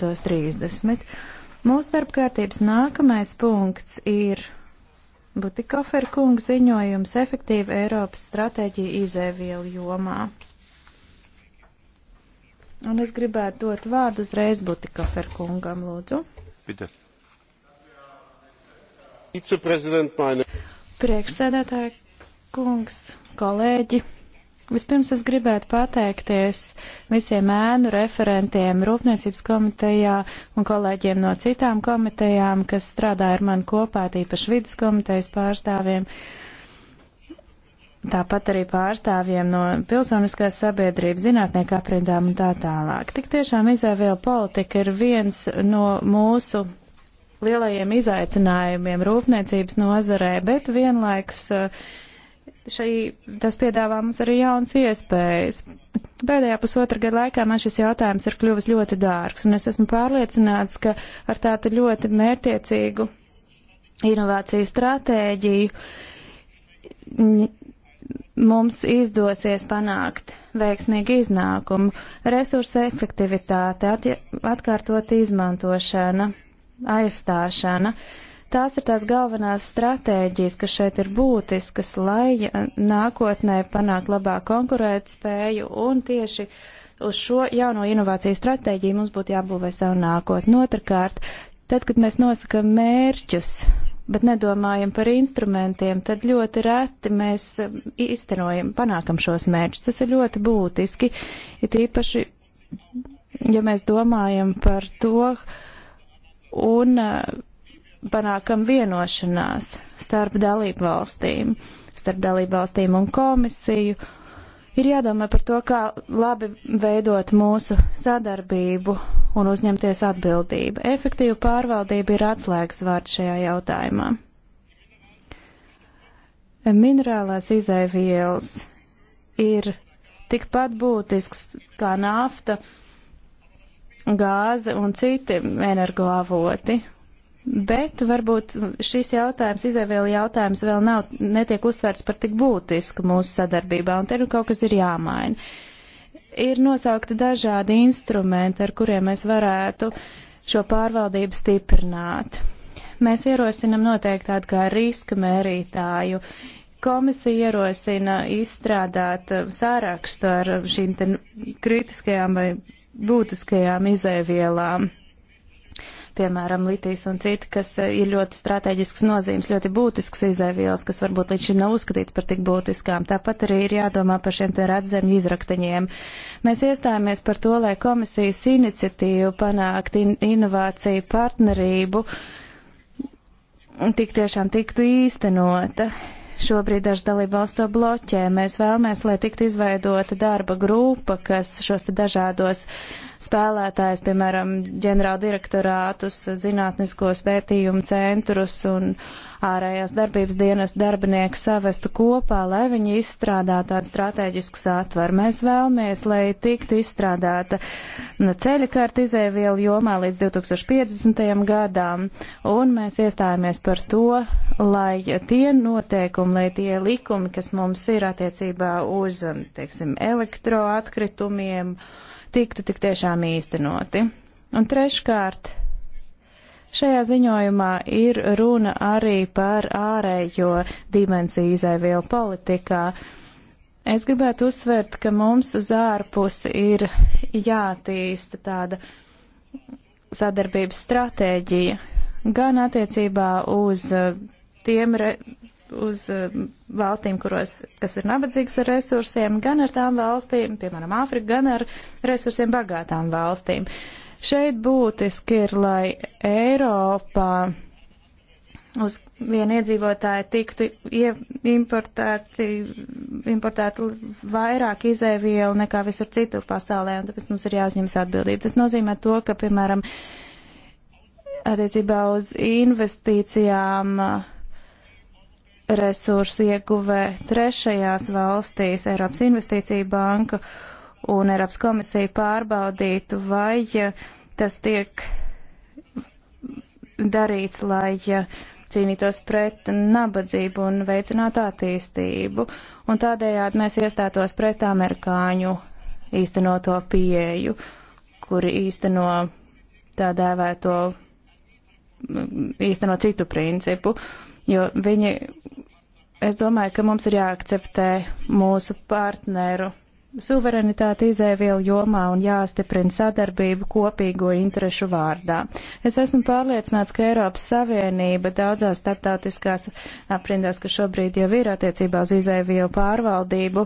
12.30. Mūsu darbkārtības nākamais punkts ir Butikofer kunga ziņojums efektīva Eiropas stratēģija izēvielu jomā. Un es gribētu dot vārdu uzreiz Butikofer kungam, lūdzu. Bitte. Priekšsēdētāja kungs, kolēģi, Vispirms es gribētu pateikties visiem ēnu referentiem Rūpniecības komitejā un kolēģiem no citām komitejām, kas strādāja ar mani kopā, tīpaši vidas komitejas pārstāvjiem. Tāpat arī pārstāvjiem no pilsoniskās sabiedrības, zinātnieku aprindām un tā tālāk. Tik tiešām izēvielu politika ir viens no mūsu lielajiem izaicinājumiem rūpniecības nozarē, bet vienlaikus uh, šī, tas piedāvā mums arī jaunas iespējas. Pēdējā pusotra gada laikā man šis jautājums ir kļuvis ļoti dārgs, un es esmu pārliecināts, ka ar tādu ļoti mērtiecīgu inovāciju stratēģiju mums izdosies panākt veiksmīgu iznākumu, resursa efektivitāte, atkārtot izmantošana, aizstāšana. Uh, Tās ir tās galvenās stratēģijas, kas šeit ir būtiskas, lai eh, nākotnē panākt labāk konkurēt spēju un tieši uz šo jauno inovāciju stratēģiju mums būtu jābūvē savu nākotni. Otrakārt, tad, kad mēs nosakam mērķus, bet nedomājam par instrumentiem, tad ļoti reti mēs iztenojam, eh, panākam šos mērķus. Tas ir ļoti būtiski, ir īpaši, ja mēs domājam par to, un eh, panākam vienošanās starp dalību valstīm, starp dalību valstīm un komisiju. Ir jādomā par to, kā labi veidot mūsu sadarbību un uzņemties atbildību. Efektīva pārvaldība ir atslēgas vārds šajā jautājumā. Minerālās izaivielas ir tikpat būtisks kā nafta, gāze un citi energoavoti, Bet varbūt šis jautājums, izēvēli jautājums vēl nav, netiek uztverts par tik būtisku mūsu sadarbībā, un te nu kaut kas ir jāmaina. Ir nosaukti dažādi instrumenti, ar kuriem mēs varētu šo pārvaldību stiprināt. Mēs ierosinam noteikti tādu kā riska mērītāju. Komisija ierosina izstrādāt sārakstu ar šīm kritiskajām vai būtiskajām izēvielām piemēram, litijas un citi, kas eh, ir ļoti strateģisks nozīmes, ļoti būtisks izēvielas, kas varbūt līdz šim nav uzskatīts par tik būtiskām. Tāpat arī ir jādomā par šiem te redzemju izrakteņiem. Mēs iestājāmies par to, lai komisijas iniciatīvu panākt in inovāciju partnerību tik tiešām tiktu īstenota. Šobrīd dažas dalībvalsts to bloķē. Mēs vēlamies, lai tiktu izveidota darba grupa, kas šos dažādos uh, spēlētājs, piemēram, ģenerāldirektorātus, zinātniskos pētījumu centrus un ārējās darbības dienas darbinieku savestu kopā, lai viņi izstrādātu tādu strateģisku satvaru. Mēs vēlamies, lai tiktu izstrādāta ceļa kārta izēvielu jomā līdz 2050. gadām, un mēs iestājāmies par to, lai tie noteikumi, lai tie likumi, kas mums ir attiecībā uz, teiksim, elektroatkritumiem, tiktu tik tiešām īstenoti. Un treškārt, šajā ziņojumā ir runa arī par ārējo dimensiju izēvielu politikā. Es gribētu uzsvērt, ka mums uz ārpusi ir jātīsta tāda sadarbības stratēģija gan attiecībā uz eh, tiem re uz eh, valstīm, kuros, kas ir nabadzīgas ar resursiem, gan ar tām valstīm, piemēram, Āfrika, gan ar resursiem bagātām valstīm. Šeit būtiski ir, lai Eiropā uz vienu iedzīvotāju tiktu importēti, importēti vairāk izēvielu nekā visur citur pasaulē, un tāpēc mums ir jāuzņemas atbildība. Tas nozīmē to, ka, piemēram, attiecībā uz investīcijām uh, resursu ieguvē trešajās valstīs Eiropas Investīcija banka un Eiropas komisija pārbaudītu, vai tas tiek darīts, lai cīnītos pret nabadzību un veicinātu attīstību. Un tādējādi mēs iestātos pret amerikāņu īstenoto pieeju, kuri īsteno tā dēvēto, īsteno citu principu. Uh, jo viņi, es domāju, ka mums ir jāakceptē mūsu partneru suverenitāti izēvielu jomā un jāstiprina sadarbību kopīgo interešu vārdā. Es esmu pārliecināts, ka Eiropas Savienība daudzās starptautiskās aprindās, kas šobrīd jau ir attiecībā uz izēvielu pārvaldību,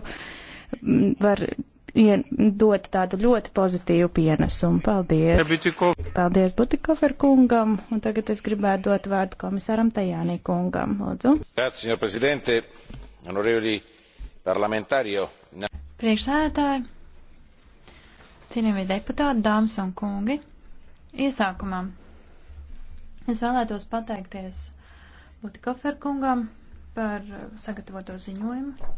var dot tādu ļoti pozitīvu pienesumu. Paldies! Butiko. Paldies Butikofer kungam, un tagad es gribētu dot vārdu komisāram Tajānī kungam. Lūdzu. Priekšsēdētāji, cienījamie deputāti, dāmas un kungi, iesākumā es vēlētos pateikties Butikofer kungam par sagatavoto ziņojumu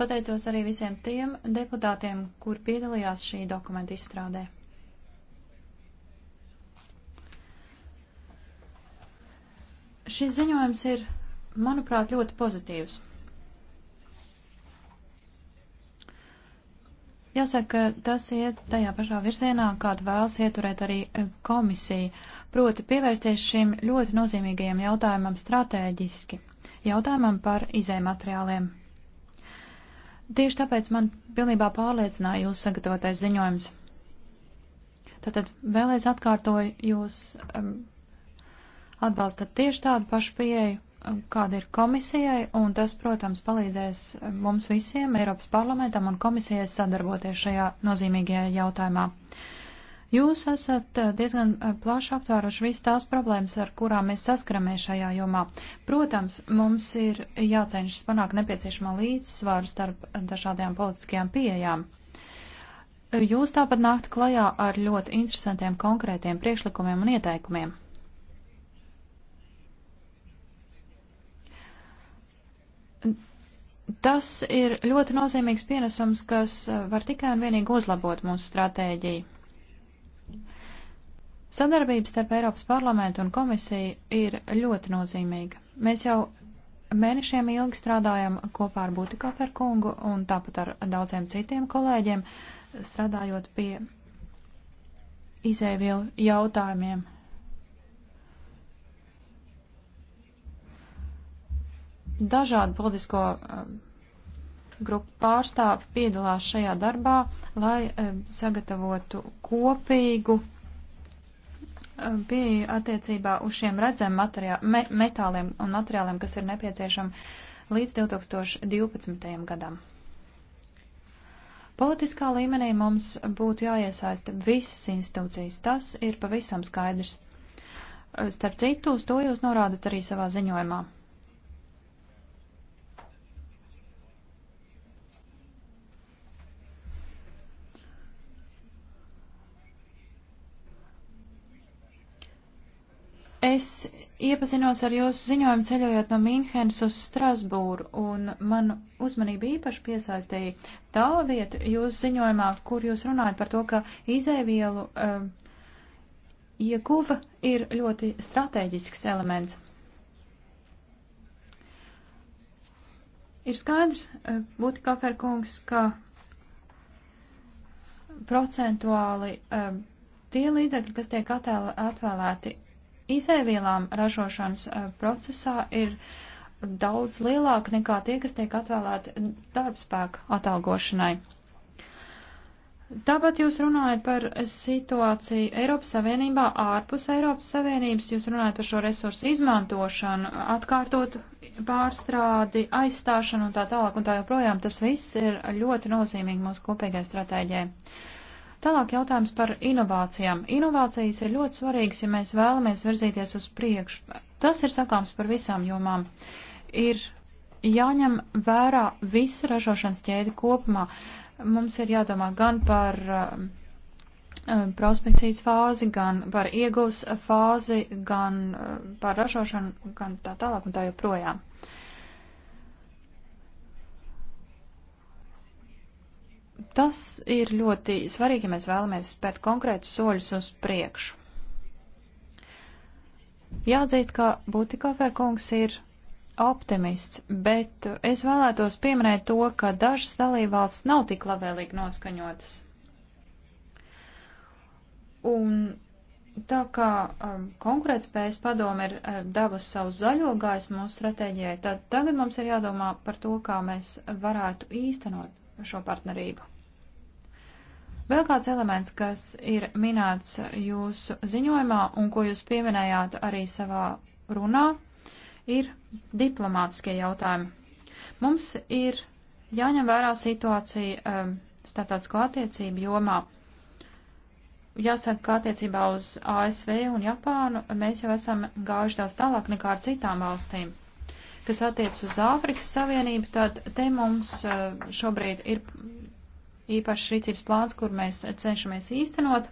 Pateicos arī visiem tiem deputātiem, kur piedalījās šī dokumenta izstrādē. Šis ziņojums ir, manuprāt, ļoti pozitīvs. Jāsaka, tas iet tajā pašā virzienā, kādu vēlas ieturēt arī eh, komisija, proti pievērsties šim ļoti nozīmīgajam jautājumam stratēģiski, jautājumam par izējumateriāliem. Tieši tāpēc man pilnībā pārliecināja jūsu sagatavotais ziņojums. Tātad vēlreiz atkārtoju, jūs um, atbalstat tieši tādu pašu pieeju, um, kāda ir komisijai, un tas, protams, palīdzēs um, mums visiem, Eiropas parlamentam un komisijai sadarboties šajā nozīmīgajā jautājumā. Uh, Jūs esat eh, diezgan eh, plaši aptvēruši visas tās problēmas, ar kurām mēs saskaramies šajā jomā. Protams, mums ir jācenšas panākt nepieciešamo līdzsvaru starp dažādajām politiskajām pieejām. Jūs tāpat nākt klajā ar ļoti interesantiem konkrētiem priekšlikumiem un ieteikumiem. Tas ir ļoti nozīmīgs pienesums, kas eh, var tikai un vienīgi uzlabot mūsu stratēģiju. Sadarbība starp Eiropas parlamentu un komisiju ir ļoti nozīmīga. Mēs jau mēnešiem ilgi strādājam kopā ar Butikofer kungu un tāpat ar daudziem citiem kolēģiem, strādājot pie izēvielu jautājumiem. Dažādu politisko eh, grupu pārstāvi piedalās šajā darbā, lai eh, sagatavotu kopīgu pieeju attiecībā uz šiem redzēm me, metāliem un materiāliem, kas ir nepieciešami līdz 2012. gadam. Politiskā līmenī mums būtu jāiesaista visas institūcijas. Tas ir pavisam skaidrs. Starp citu, uz to jūs norādat arī savā ziņojumā. Es iepazinos ar jūsu ziņojumu ceļojot no Mīnhenes uz Strasbūru, un man uzmanība īpaši piesaistīja tā vieta jūsu ziņojumā, kur jūs runājat par to, ka izēvielu uh, ieguva ir ļoti strateģisks elements. Ir skaidrs, uh, būtu kaferkungs, ka procentuāli uh, tie līdzekļi, kas tiek atvēlēti izēvielām ražošanas eh, procesā ir daudz lielāka nekā tie, kas tiek atvēlēti darbspēka atalgošanai. Tāpat jūs runājat par situāciju Eiropas Savienībā, ārpus Eiropas Savienības, jūs runājat par šo resursu izmantošanu, atkārtotu pārstrādi, aizstāšanu un tā tālāk un tā joprojām. Tas viss ir ļoti nozīmīgi mūsu kopīgai stratēģijai. Tālāk jautājums par inovācijām. Inovācijas ir ļoti svarīgas, ja mēs vēlamies virzīties uz priekšu. Tas ir sakāms par visām jomām. Ir jāņem vērā visa ražošanas ķēde kopumā. Mums ir jādomā gan par uh, prospekcijas fāzi, gan par ieguvs fāzi, gan um, par ražošanu, gan tā tālāk un tā joprojām. Uh, Tas ir ļoti svarīgi, ja mēs vēlamies spērt konkrētus soļus uz priekšu. Jāatzīst, ka Būtikoferkungs ir optimists, bet es vēlētos pieminēt to, ka dažas dalībvalsts nav tik labvēlīgi noskaņotas. Un tā kā um, konkurētspējas padome ir uh, devusi savu zaļo gaisu mūsu stratēģijai, tad tagad mums ir jādomā par to, kā mēs varētu īstenot šo partnerību. Vēl kāds elements, kas ir minēts jūsu ziņojumā un ko jūs pieminējāt arī savā runā, ir diplomātiskie jautājumi. Mums ir jāņem vērā situācija um, starptautisko attiecību jomā. Jāsaka, ka attiecībā uz ASV un Japānu mēs jau esam gājuši daudz tālāk nekā ar citām valstīm. Kas attiec uz Āfrikas Savienību, tad te mums uh, šobrīd ir īpašs rīcības plāns, kur mēs cenšamies īstenot.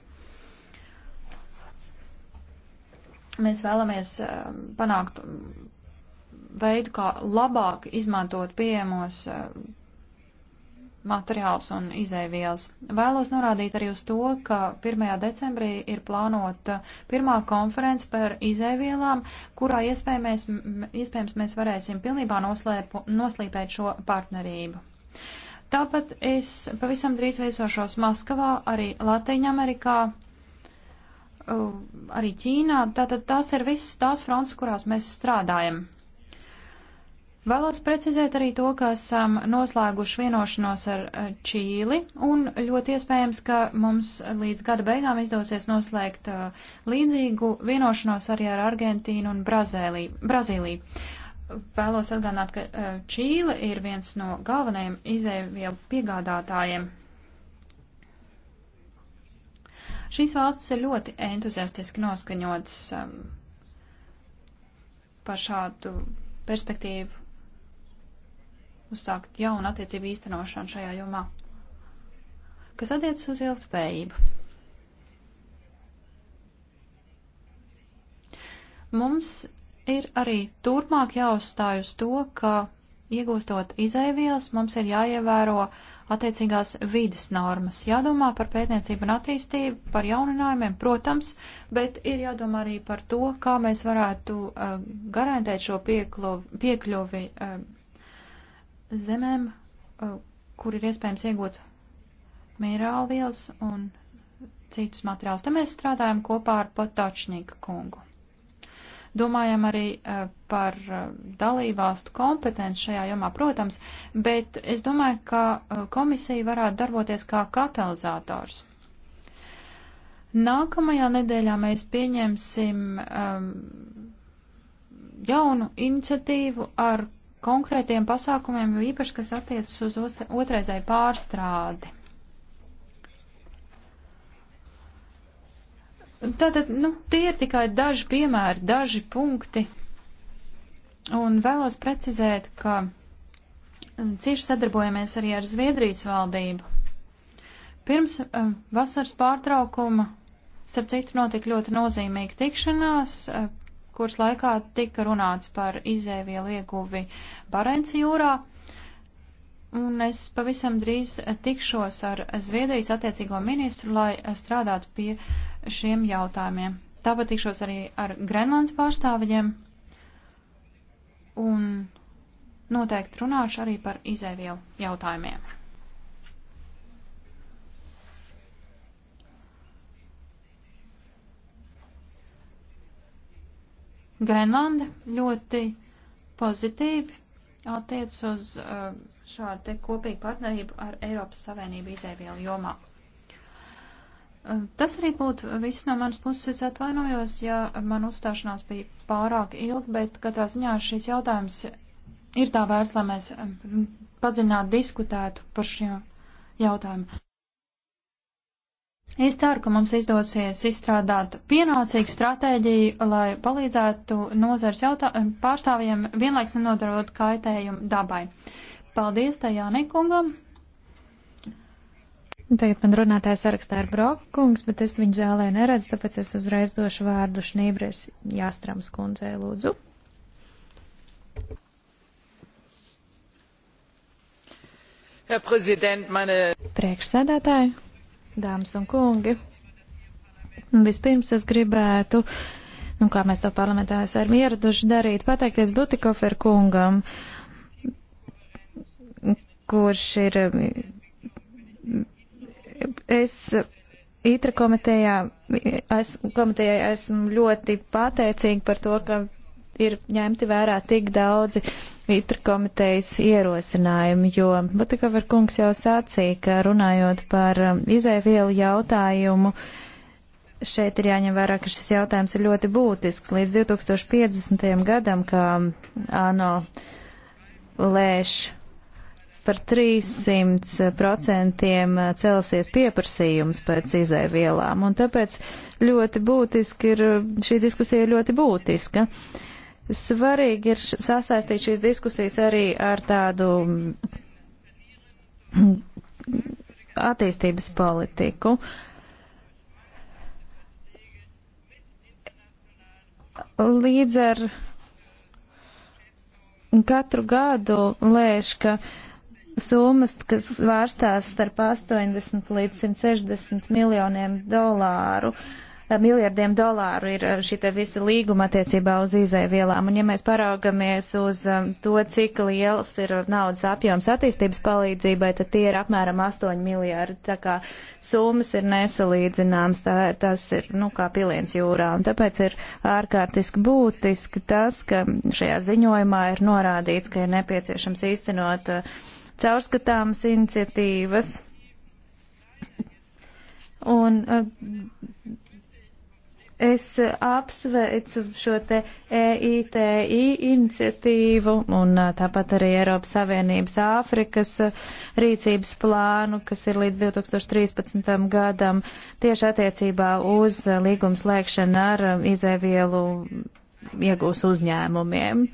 Mēs vēlamies um, panākt veidu, kā labāk izmantot pieejamos um, materiāls un izēvielas. Vēlos norādīt arī uz to, ka 1. decembrī ir plānota pirmā konference par izēvielām, kurā iespējams, iespējams mēs varēsim pilnībā noslēpu, noslīpēt šo partnerību. Tāpat es pavisam drīz viesošos Maskavā, arī Latviņamerikā, uh, arī Ķīnā. Tātad tās ir visas tās fronts, kurās mēs strādājam. Vēlos precizēt arī to, ka esam noslēguši vienošanos ar uh, Čīli un ļoti iespējams, ka mums līdz gada beigām izdosies noslēgt uh, līdzīgu vienošanos arī ar Argentīnu un Brazīliju. Vēlos atgādināt, ka eh, Čīle ir viens no galvenajiem izēvielu piegādātājiem. Šīs valstis ir ļoti entuziastiski noskaņotas um, par šādu perspektīvu uzsākt jaunu attiecību īstenošanu šajā jomā, kas attiecas uz ilgspējību. Mums ir arī turpmāk jāuzstāj uz to, ka iegūstot izēvielas mums ir jāievēro attiecīgās vides normas, jādomā par pētniecību un attīstību, par jauninājumiem, protams, bet ir jādomā arī par to, kā mēs varētu uh, garantēt šo piekluvi, piekļuvi uh, zemēm, uh, kur ir iespējams iegūt minerālvielas un citus materiālus. Te mēs strādājam kopā ar Potočnika kungu. Domājam arī eh, par eh, dalībvalstu kompetenci šajā jomā, protams, bet es domāju, ka eh, komisija varētu darboties kā katalizators. Nākamajā nedēļā mēs pieņemsim um, jaunu iniciatīvu ar konkrētiem pasākumiem, jo īpaši, kas attiecas uz otrreizēju pārstrādi. Tātad, nu, tie ir tikai daži piemēri, daži punkti. Un vēlos precizēt, ka mm, cieši sadarbojamies arī ar Zviedrijas valdību. Pirms uh, vasaras pārtraukuma, starp citu, notika ļoti nozīmīga tikšanās, uh, kuras laikā tika runāts par izēvielu ieguvi Barents jūrā. Un es pavisam drīz tikšos ar Zviedrijas attiecīgo ministru, lai strādātu pie uh, šiem jautājumiem. Tāpat tikšos arī ar Grenlands pārstāvjiem un noteikti runāšu arī par izēvielu jautājumiem. Grenlanda ļoti pozitīvi attiec uz uh, šādu te kopīgu partnerību ar Eiropas Savienību izēvielu jomā. Tas arī būtu viss no manas puses. Es atvainojos, ja man uzstāšanās bija pārāk ilga, bet katrā ziņā šis jautājums ir tā vērts, lai mēs padziļināti diskutētu par šiem jautājumiem. Es ceru, ka mums izdosies izstrādāt pienācīgu stratēģiju, lai palīdzētu nozars pārstāvjiem vienlaiks nenodarot kaitējumu dabai. Paldies tajā nekungam! Tagad man runātājs sarakstā ir Brokkungs, bet es viņu zālē neredzu, tāpēc es uzreiz došu vārdu Šnībres Jāstrams kundzei, lūdzu. Mani... Priekšsēdētāji, dāmas un kungi, vispirms es gribētu, nu kā mēs to parlamentā esam ieraduši darīt, pateikties Butikofer kungam, kurš ir Es ITRA komitejā, es, komitejai esmu ļoti pateicīga par to, ka ir ņemti vērā tik daudzi ITRA komitejas ierosinājumi, jo Butikovar kungs jau sacīja, ka runājot par um, izēvielu jautājumu, šeit ir jāņem vērā, ka šis jautājums ir ļoti būtisks. Līdz 2050. gadam, kā ANO lēš par 300% eh, celsies pieprasījums pēc izēvielām, un tāpēc ļoti būtiski ir, eh, šī diskusija ir ļoti būtiska. Svarīgi ir sasaistīt šīs diskusijas arī ar tādu mm, attīstības politiku. Līdz ar katru gadu lēš, ka uh, summas, kas vārstās starp 80 līdz 160 miljoniem dolāru. Eh, miljardiem dolāru ir eh, šī te visa līguma attiecībā uz izēvielām. Un ja mēs paraugamies uz eh, to, cik liels ir naudas apjoms attīstības palīdzībai, tad tie ir apmēram 8 miljardi. Tā kā summas ir nesalīdzināmas, tā, tas ir, nu, kā piliens jūrā. Un tāpēc ir ārkārtiski būtiski tas, ka šajā ziņojumā ir norādīts, ka ir nepieciešams īstenot uh, caurskatāmas iniciatīvas. Un eh, es apsveicu šo te EITI iniciatīvu un eh, tāpat arī Eiropas Savienības Āfrikas eh, rīcības plānu, kas ir līdz 2013. gadam tieši attiecībā uz līgumslēgšanu ar izēvielu iegūs uzņēmumiem.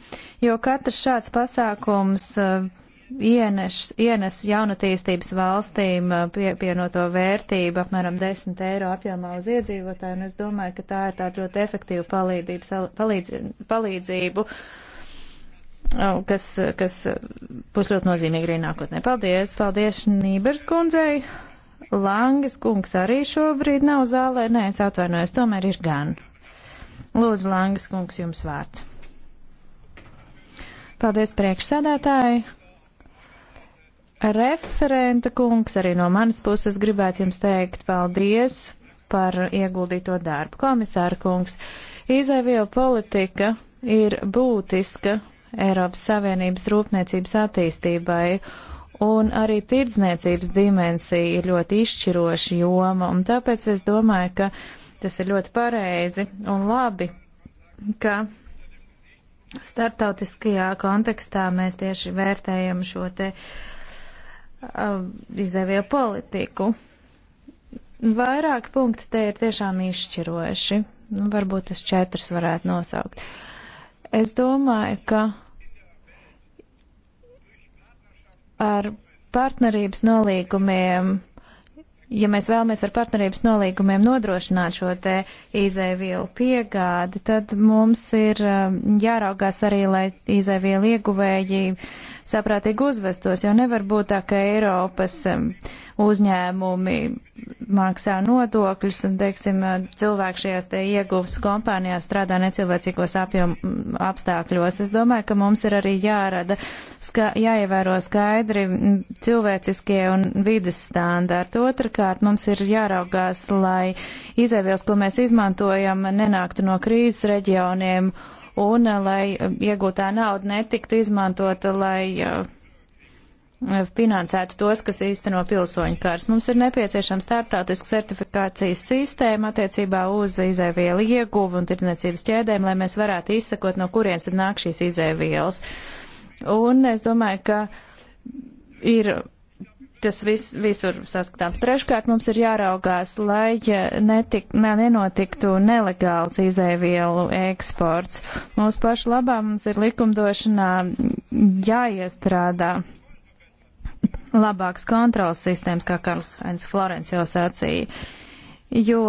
Jo katrs šāds pasākums uh, ienes, ienes jaunatīstības valstīm uh, pievienoto vērtību apmēram 10 eiro apjomā uz iedzīvotāju, un es domāju, ka tā ir tā ļoti efektīva palīdzība, palīdz, palīdzību, uh, kas, kas būs ļoti nozīmīgi arī nākotnē. Paldies, paldies Nībers kundzei. Langas kungs arī šobrīd nav zālē, nē, es atvainojos, tomēr ir gan. Lūdzu, Langas kungs, jums vārds. Paldies priekšsēdētāji, referenta kungs, arī no manas puses gribētu jums teikt paldies par ieguldīto darbu. Komisāra kungs, izēvielu politika ir būtiska Eiropas Savienības rūpniecības attīstībai, un arī tirdzniecības dimensija ir ļoti izšķiroša joma, un tāpēc es domāju, ka tas ir ļoti pareizi un labi, ka startautiskajā kontekstā mēs tieši vērtējam šo te uh, Uh, izēvie politiku. Vairāk punkti te ir tiešām izšķiroši. Nu, varbūt es četras varētu nosaukt. Es domāju, ka ar partnerības nolīgumiem, ja mēs vēlamies ar partnerības nolīgumiem nodrošināt šo te izēvielu piegādi, tad mums ir um, jāraugās arī, lai izēvielu ieguvēji saprātīgi uzvestos, jo nevar būt tā, ka Eiropas um, uzņēmumi maksā nodokļus un, teiksim, uh, cilvēki šajās te ieguvas kompānijās strādā necilvēcīgos apjom, mm, apstākļos. Es domāju, ka mums ir arī jārada, ska, jāievēro skaidri mm, cilvēciskie un vidas standarti. Otrakārt, mums ir jāraugās, lai izēvielas, ko mēs izmantojam, nenāktu no krīzes reģioniem un eh, lai eh, iegūtā nauda netiktu izmantota, lai eh, finansētu tos, kas īsteno pilsoņu kārs. Mums ir nepieciešama starptautiska certifikācijas sistēma attiecībā uz izēvielu ieguvu un tirdzniecības ķēdēm, lai mēs varētu izsakot, no kurienes tad nāk šīs izēvielas. Un es domāju, ka ir tas vis, visur saskatāms. Treškārt mums ir jāraugās, lai netik, ne, nenotiktu nelegāls izēvielu eksports. Mūsu pašu labā mums ir likumdošanā jāiestrādā labāks kontrols sistēmas, kā Karls Heinz Florence jau sacīja, jo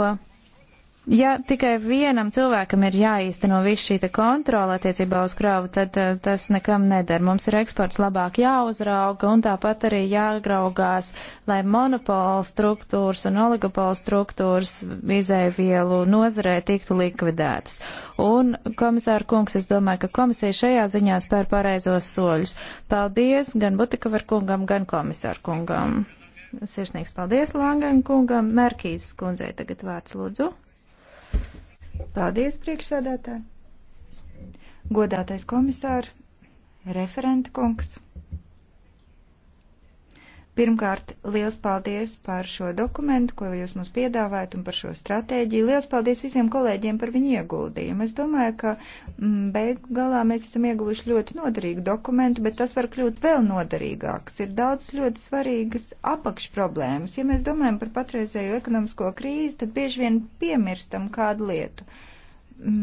ja tikai vienam cilvēkam ir jāīsteno viss šī kontrola attiecībā uz kravu, tad uh, tas nekam neder. Mums ir eksports labāk jāuzrauga un tāpat arī jāgraugās, lai monopola struktūras un oligopola struktūras izēvielu nozarē tiktu likvidētas. Un, komisāra kungs, es domāju, ka komisija šajā ziņā spēr pareizos soļus. Paldies gan Butikovar kungam, gan komisāra kungam. Sirsnīgs paldies Langan kungam. Merkīs kundzei tagad vārds lūdzu. Paldies, priekšsēdētāji! Godātais komisāri, referenta kungs! Pirmkārt, liels paldies par šo dokumentu, ko jūs mums piedāvājat un par šo stratēģiju. Liels paldies visiem kolēģiem par viņu ieguldījumu. Es domāju, ka mm, beig galā mēs esam ieguvuši ļoti noderīgu dokumentu, bet tas var kļūt vēl noderīgāks. Ir daudz ļoti svarīgas apakšproblēmas. Ja mēs domājam par patreizējo ekonomisko krīzi, tad bieži vien piemirstam kādu lietu.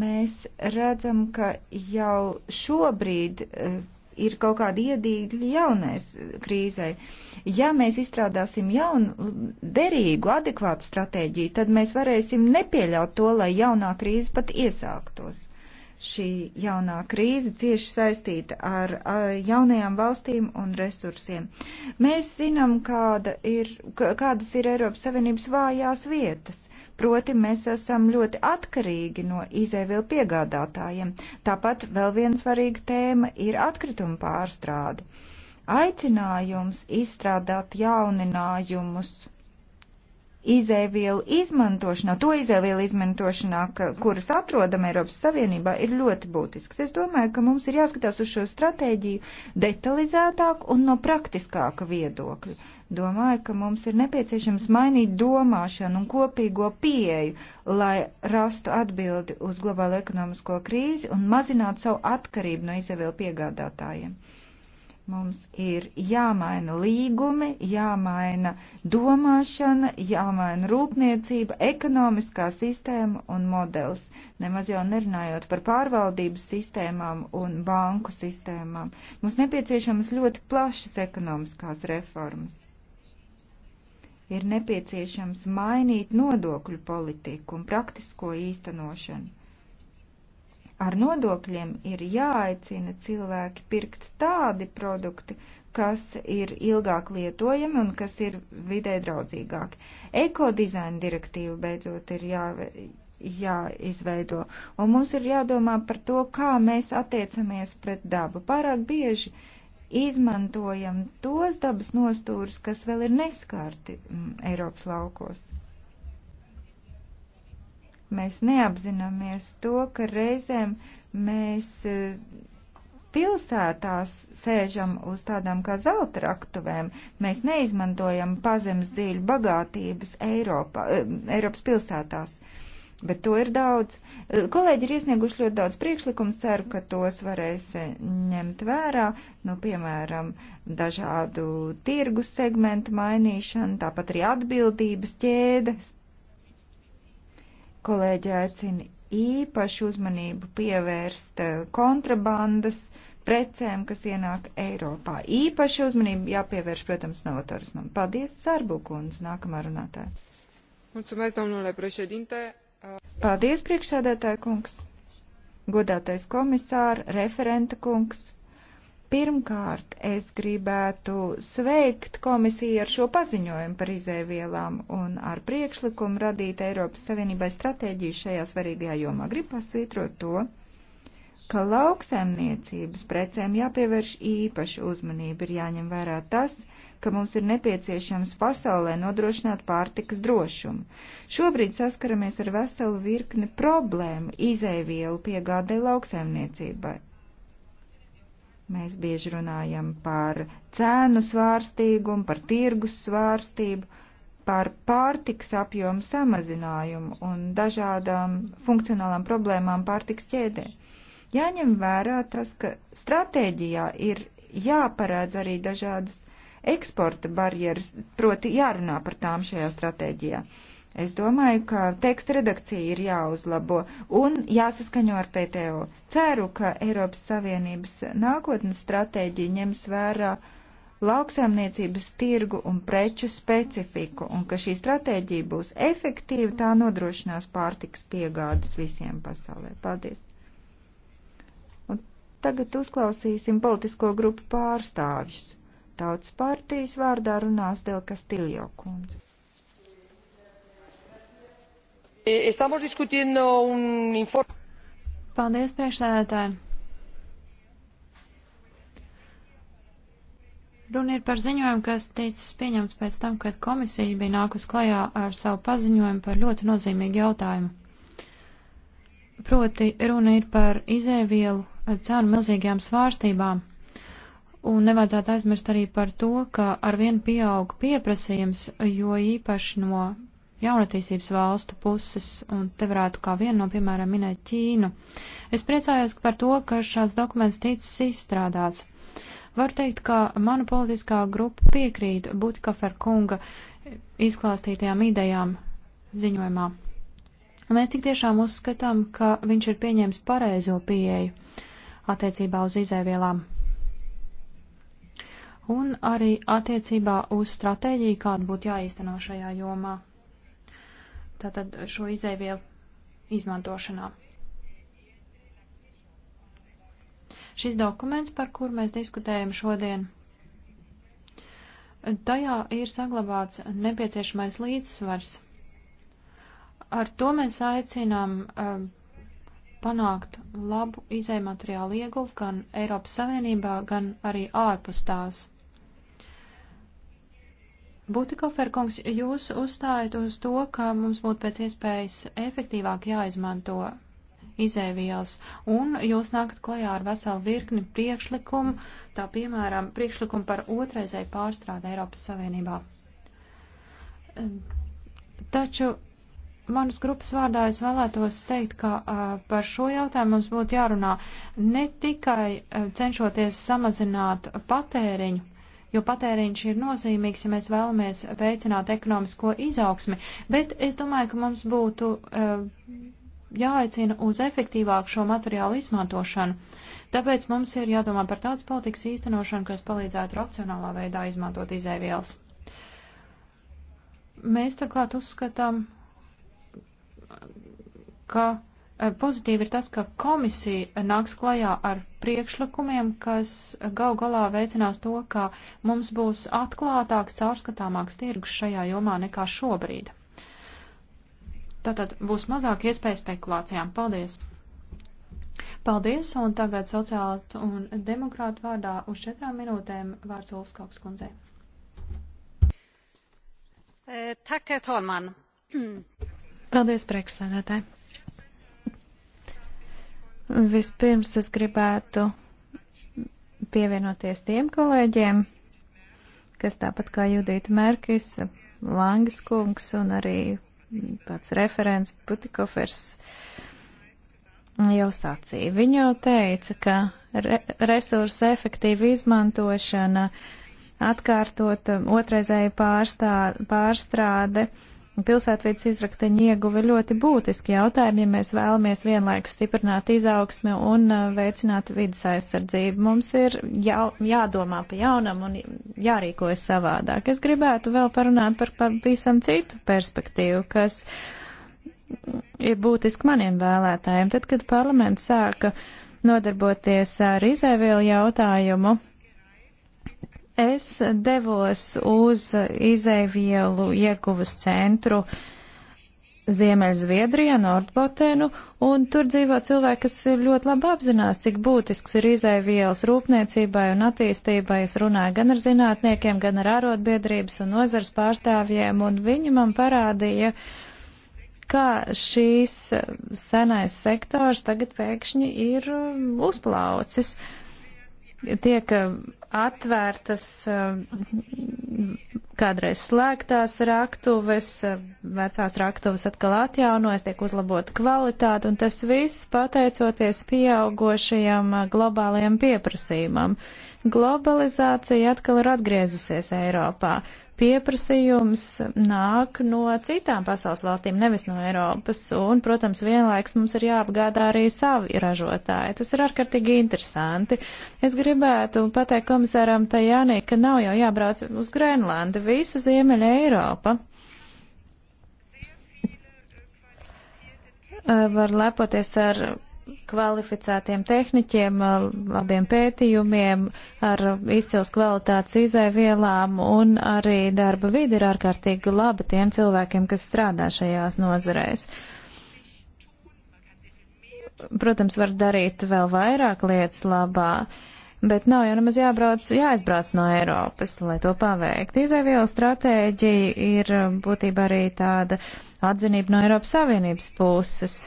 Mēs redzam, ka jau šobrīd. Uh, ir kaut kādi iedīgļi jaunais krīzai. Ja mēs izstrādāsim jaunu, derīgu, adekvātu stratēģiju, tad mēs varēsim nepieļaut to, lai jaunā krīze pat iesāktos. Šī jaunā krīze cieši saistīta ar, ar jaunajām valstīm un resursiem. Mēs zinām, kāda ir, kādas ir Eiropas Savienības vājās vietas proti mēs esam ļoti atkarīgi no izēvielu piegādātājiem. Tāpat vēl viena svarīga tēma ir atkrituma pārstrāde. Aicinājums izstrādāt jauninājumus izēvielu izmantošanā, to izēvielu izmantošanā, ka, kuras atrodam Eiropas Savienībā, ir ļoti būtisks. Es domāju, ka mums ir jāskatās uz šo stratēģiju detalizētāk un no praktiskāka viedokļa. Domāju, ka mums ir nepieciešams mainīt domāšanu un kopīgo pieeju, lai rastu atbildi uz globālo ekonomisko krīzi un mazinātu savu atkarību no izēvielu piegādātājiem. Mums ir jāmaina līgumi, jāmaina domāšana, jāmaina rūpniecība, ekonomiskā sistēma un modelis. Nemaz jau nerunājot par pārvaldības sistēmām un banku sistēmām. Mums nepieciešamas ļoti plašas ekonomiskās reformas. Ir nepieciešams mainīt nodokļu politiku un praktisko īstenošanu Ar nodokļiem ir jāaicina cilvēki pirkt tādi produkti, kas ir ilgāk lietojami un kas ir vidē draudzīgāki. Ekodizaina direktīva beidzot ir jā, jāizveido, un mums ir jādomā par to, kā mēs attiecamies pret dabu. Pārāk bieži izmantojam tos dabas nostūrus, kas vēl ir neskārti mm, Eiropas laukos. Mēs neapzināmies to, ka reizēm mēs e, pilsētās sēžam uz tādām kā zelta raktuvēm. Mēs neizmantojam pazemes dzīļu bagātības Eiropā, e, Eiropas pilsētās. Bet to ir daudz. E, kolēģi ir iesnieguši ļoti daudz priekšlikumus, ceru, ka tos varēs ņemt vērā, nu, piemēram, dažādu tirgus segmentu mainīšanu, tāpat arī atbildības ķēdes Kolēģi aicina īpašu uzmanību pievērst eh, kontrabandas precēm, kas ienāk Eiropā. Īpaši uzmanību jāpievērš, protams, novatorismam. Paldies, Sarbukundze, nākamā runātāja. Mulțumesc, domnule președinte. Paldies, priekšsēdētāja kungs, godātais komisāra, referenta kungs. Pirmkārt, es gribētu sveikt komisiju ar šo paziņojumu par izēvielām un ar priekšlikumu radīt Eiropas Savienībai stratēģiju šajā svarīgajā jomā. Gribu pasvītrot to, ka lauksaimniecības precēm jāpievērš īpaša uzmanība, ir jāņem vērā tas, ka mums ir nepieciešams pasaulē nodrošināt pārtikas drošumu. Šobrīd saskaramies ar veselu virkni problēmu izēvielu piegādē lauksaimniecībai Mēs bieži runājam par cēnu svārstīgumu, par tirgus svārstību, par pārtiks apjomu samazinājumu un dažādām funkcionālām problēmām pārtiks ķēdē. Jāņem vērā tas, ka stratēģijā ir jāparādz arī dažādas eksporta barjeras, proti jārunā par tām šajā stratēģijā. Es domāju, ka teksta redakcija ir jāuzlabo un jāsaskaņo ar PTO. Ceru, ka Eiropas Savienības nākotnes stratēģija ņems vērā lauksaimniecības tirgu un preču specifiku, un ka šī stratēģija būs efektīva, tā nodrošinās pārtiks piegādes visiem pasaulē. Paldies! Un tagad uzklausīsim politisko grupu pārstāvjus. Tautas partijas vārdā runās Delka Stiljo kundze. Eh, estamos discutiendo un informe. Paldies, priekšsēdētāji. Runa ir par ziņojumu, kas ticis pieņemts pēc tam, kad komisija bija nākus klajā ar savu paziņojumu par ļoti nozīmīgu jautājumu. Proti runa ir par izēvielu cenu milzīgajām svārstībām. Un nevajadzētu aizmirst arī par to, ka arvien pieaug pieprasījums, jo īpaši no jaunatīstības valstu puses, un te varētu kā vienu no, piemēram, minēt Ķīnu. Es priecājos par to, ka šāds dokuments ticis izstrādāts. Varu teikt, ka mana politiskā grupa piekrīt Butikofer kunga izklāstītajām idejām ziņojumā. Mēs tik tiešām uzskatām, ka viņš ir pieņēmis pareizo pieeju attiecībā uz izēvielām un arī attiecībā uz stratēģiju, kāda būtu jāīsteno šajā jomā tātad šo izēvielu izmantošanā. Šis dokuments, par kur mēs diskutējam šodien, tajā ir saglabāts nepieciešamais līdzsvars. Ar to mēs aicinām um, panākt labu izējumateriālu ieguvu gan Eiropas Savienībā, gan arī ārpus tās. Būtikoferkungs, jūs uzstājat uz to, ka mums būtu pēc iespējas efektīvāk jāizmanto izēvielas, un jūs nākat klajā ar veselu virkni priekšlikumu, tā piemēram priekšlikumu par otraizēju pārstrādi Eiropas Savienībā. Taču manas grupas vārdā es vēlētos teikt, ka uh, par šo jautājumu mums būtu jārunā ne tikai uh, cenšoties samazināt patēriņu, jo patēriņš ir nozīmīgs, ja mēs vēlamies veicināt ekonomisko izaugsmi, bet es domāju, ka mums būtu eh, jāaicina uz efektīvāku šo materiālu izmantošanu. Tāpēc mums ir jādomā par tādas politikas īstenošanu, kas palīdzētu racionālā veidā izmantot izēvielas. Mēs turklāt uzskatām, ka Eh, pozitīvi ir tas, ka komisija nāks klajā ar priekšlikumiem, kas gau galā veicinās to, ka mums būs atklātāks, caurskatāmāks tirgus šajā jomā nekā šobrīd. Tātad būs mazāk iespēja spekulācijām. Paldies! Paldies, un tagad sociālāt un demokrātu vārdā uz četrām minūtēm vārds Ulfskoks kundzei. Eh, tak, Herr Tolman. Paldies, priekšsēdētāji. Vispirms es gribētu pievienoties tiem kolēģiem, kas tāpat kā Judita Merkis, Langas kungs un arī pats referents Putikofers jau sacīja. Viņa jau teica, ka re resursa efektīva izmantošana, atkārtot um, otrreizēju pārstrāde Pilsētvidas izrakteņi ieguve ļoti būtiski jautājumi, ja mēs vēlamies vienlaikus stiprināt izaugsmi un uh, veicināt vidas aizsardzību. Mums ir jau, jādomā pa jaunam un jārīkojas savādāk. Es gribētu vēl parunāt par pavisam citu perspektīvu, kas ir būtiski maniem vēlētājiem. Tad, kad parlaments sāka nodarboties ar izēvielu jautājumu, es devos uz izēvielu ieguvas centru Ziemeļzviedrijā, Nordbotenu, un tur dzīvo cilvēki, kas ļoti labi apzinās, cik būtisks ir izēvielas rūpniecībai un attīstībai. Es runāju gan ar zinātniekiem, gan ar ārotbiedrības un nozars pārstāvjiem, un viņi man parādīja, kā šīs senais sektors tagad pēkšņi ir um, uzplaucis. Uh, tiek eh, atvērtas eh, kādreiz slēgtās raktuves, eh, vecās raktuves atkal atjaunojas, tiek uzlabota kvalitāte, un tas viss pateicoties pieaugošajam globālajam pieprasījumam. Globalizācija atkal ir atgriezusies Eiropā pieprasījums nāk no citām pasaules valstīm, nevis no Eiropas, un, protams, vienlaiks mums ir jāapgādā arī savi ražotāji. Tas ir ārkārtīgi interesanti. Es gribētu pateikt komisāram Tajānī, ka nav jau jābrauc uz Grenlandi, visa Ziemeļa Eiropa. Var lepoties ar kvalificētiem tehniķiem, labiem pētījumiem, ar izcils kvalitātes izēvielām un arī darba vidi ir ārkārtīgi laba tiem cilvēkiem, kas strādā šajās nozarēs. Protams, var darīt vēl vairāk lietas labā. Bet nav jau nemaz jābrauc, jāizbrauc no Eiropas, lai to paveikt. Izēvielu stratēģija ir būtībā arī tāda atzinība no Eiropas Savienības puses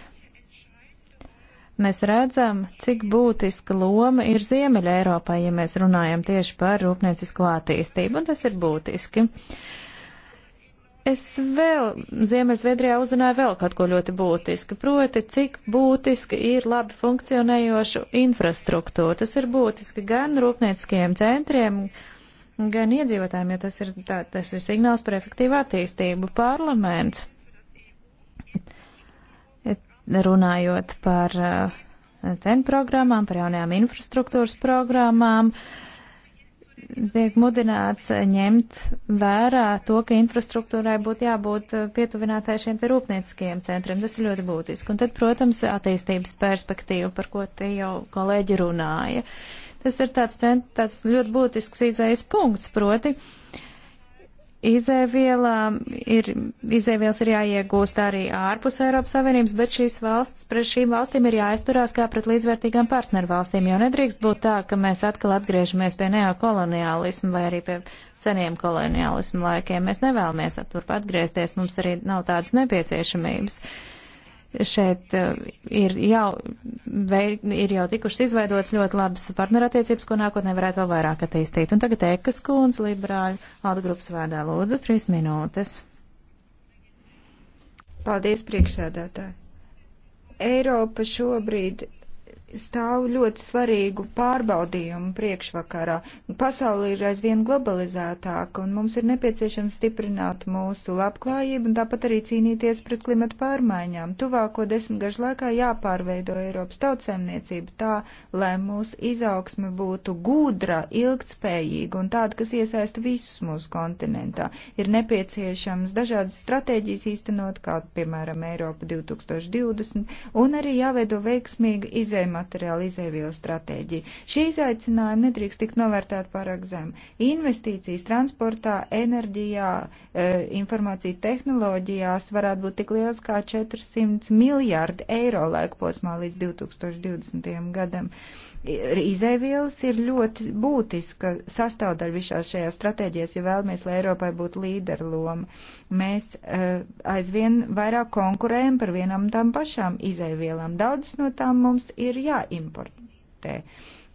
mēs redzam, cik būtiska loma ir Ziemeļa Eiropai, ja mēs runājam tieši par rūpniecisko attīstību, un tas ir būtiski. Es vēl Ziemeļzviedrijā uzzināju vēl kaut ko ļoti būtisku, proti, cik būtiski ir labi funkcionējošu infrastruktūru. Tas ir būtiski gan rūpnieciskiem centriem, gan iedzīvotājiem, jo tas ir, tā, tas ir signāls par efektīvu attīstību. Parlaments runājot par eh, ten programmām, par jaunajām infrastruktūras programmām, tiek mudināts ņemt vērā to, ka infrastruktūrai būtu jābūt eh, pietuvinātai šiem te rūpnieciskajiem centriem. Tas ir ļoti būtiski. Un tad, protams, attīstības perspektīva, par ko te jau kolēģi runāja. Tas ir tāds, cent, tāds ļoti būtisks izējas punkts, proti, uh, izēvielām ir, izēvielas ir jāiegūst arī ārpus Eiropas Savienības, bet šīs valsts, pret šīm valstīm ir jāizturās kā pret līdzvērtīgām partnervalstīm, jo nedrīkst būt tā, ka mēs atkal atgriežamies pie neokoloniālismu vai arī pie seniem koloniālismu laikiem. Mēs nevēlamies turp atgriezties, mums arī nav tādas nepieciešamības. Uh, šeit eh, ir jau, veid, ir jau tikušas izveidotas ļoti labas partnerattiecības, ko nākotnē varētu vēl vairāk attīstīt. Un tagad Ekas kundze, liberāļu atgrupas vārdā, lūdzu, trīs minūtes. Paldies, priekšsēdētāji. Eiropa šobrīd stāv ļoti svarīgu pārbaudījumu priekšvakarā. Pasaule ir aizvien globalizētāka, un mums ir nepieciešams stiprināt mūsu labklājību un tāpat arī cīnīties pret klimatu pārmaiņām. Tuvāko desmitgažu laikā jāpārveido Eiropas tautsēmniecība tā, lai mūsu izaugsme būtu gudra, ilgtspējīga un tāda, kas iesaista visus mūsu kontinentā. Ir nepieciešams dažādas stratēģijas īstenot, kā piemēram Eiropa 2020, un arī jāveido veiksmīga izējuma materiāla izēvielu stratēģiju. Šie izaicinājumi nedrīkst tikt novērtēti pārāk zem. Investīcijas transportā, enerģijā, e, informācija tehnoloģijās varētu būt tik liels kā 400 miljārdi eiro laika posmā līdz 2020. gadam. Izēvielas ir ļoti būtiska sastāvdaļa visā šajā stratēģijās, ja vēlamies, lai Eiropai būtu līdera loma. Mēs uh, aizvien vairāk konkurējam par vienam tām pašām izēvielām. Daudzas no tām mums ir jāimportē.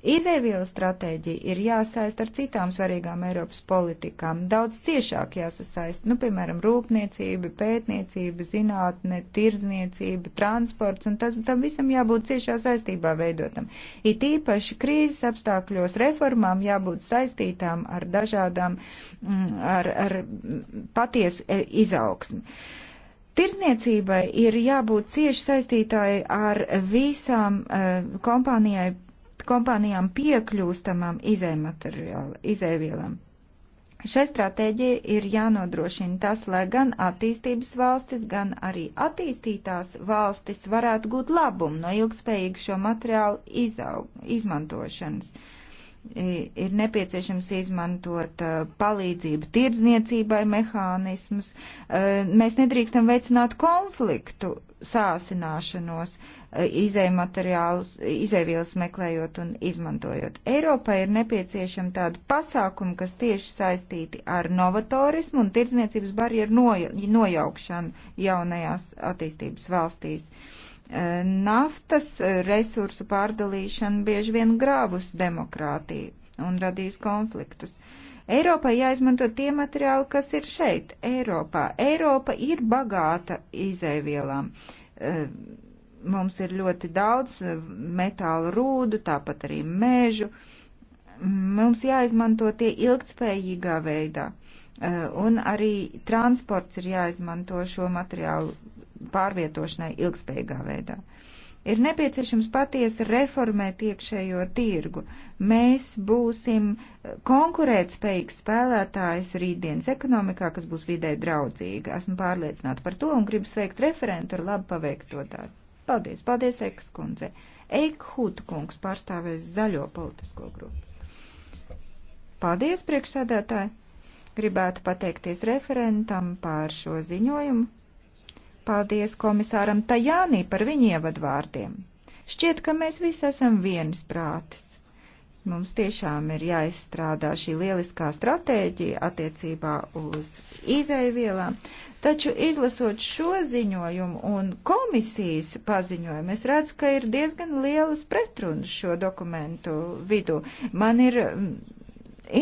Izēvielu stratēģija ir jāsaist ar citām svarīgām Eiropas politikām, daudz ciešāk jāsasaist, nu, piemēram, rūpniecība, pētniecība, zinātne, tirdzniecība, transports, un tas, tam visam jābūt ciešā saistībā veidotam. It īpaši krīzes apstākļos reformām jābūt saistītām ar dažādām, mm, ar, ar patiesu e, izaugsmu. Tirdzniecībai ir jābūt cieši saistītāji ar visām uh, kompānijai kompānijām piekļūstamām izēvielam. Šai stratēģijai ir jānodrošina tas, lai gan attīstības valstis, gan arī attīstītās valstis varētu gūt labumu no ilgspējīgas šo materiālu izaug, izmantošanas. Uh, ir nepieciešams izmantot uh, palīdzību tirdzniecībai mehānismus. Uh, mēs nedrīkstam veicināt konfliktu sāsināšanos uh, izēvielas meklējot un izmantojot. Eiropai ir nepieciešama tāda pasākuma, kas tieši saistīti ar novatorismu un tirdzniecības barjeru nojaukšanu jaunajās attīstības valstīs Naftas eh, resursu pārdalīšana bieži vien grāvus demokrātiju un radīs konfliktus. Eiropai jāizmanto tie materiāli, kas ir šeit, Eiropā. Eiropa ir bagāta izēvielām. Eh, mums ir ļoti daudz eh, metālu rūdu, tāpat arī mēžu. Mums jāizmanto tie ilgtspējīgā veidā. Un arī transports ir jāizmanto šo materiālu pārvietošanai ilgspējīgā veidā. Ir nepieciešams patiesi reformēt iekšējo tirgu. Mēs būsim konkurētspējīgs spēlētājs rītdienas ekonomikā, kas būs vidē draudzīga. Esmu pārliecināta par to un gribu sveikt referentu ar labu paveikto darbu. Paldies, paldies, ekskundze. Eikhūta kungs pārstāvēs zaļo politisko grupu. Paldies, priekšsēdētāji! Gribētu pateikties referentam par šo ziņojumu. Paldies komisāram Tajānī par viņa ievadvārdiem. Šķiet, ka mēs visi esam vienas prātes. Mums tiešām ir jāizstrādā šī lieliskā stratēģija attiecībā uz izēvielām, taču izlasot šo ziņojumu un komisijas paziņojumu, es redzu, ka ir diezgan lielas pretrunas šo dokumentu vidū. Man ir mm,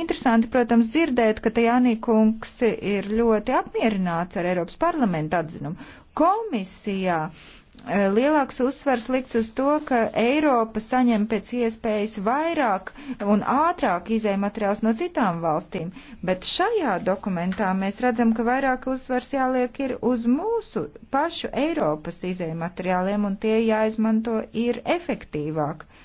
interesanti, protams, dzirdēt, ka Tajānī kungs ir ļoti apmierināts ar Eiropas parlamentu atzinumu. Komisijā e, lielāks uzsvars likts uz to, ka Eiropa saņem pēc iespējas vairāk un ātrāk izējumateriāls no citām valstīm, bet šajā dokumentā mēs redzam, ka vairāk uzsvars jāliek ir uz mūsu pašu Eiropas izējumateriāliem un tie jāizmanto ir efektīvāk. Uh,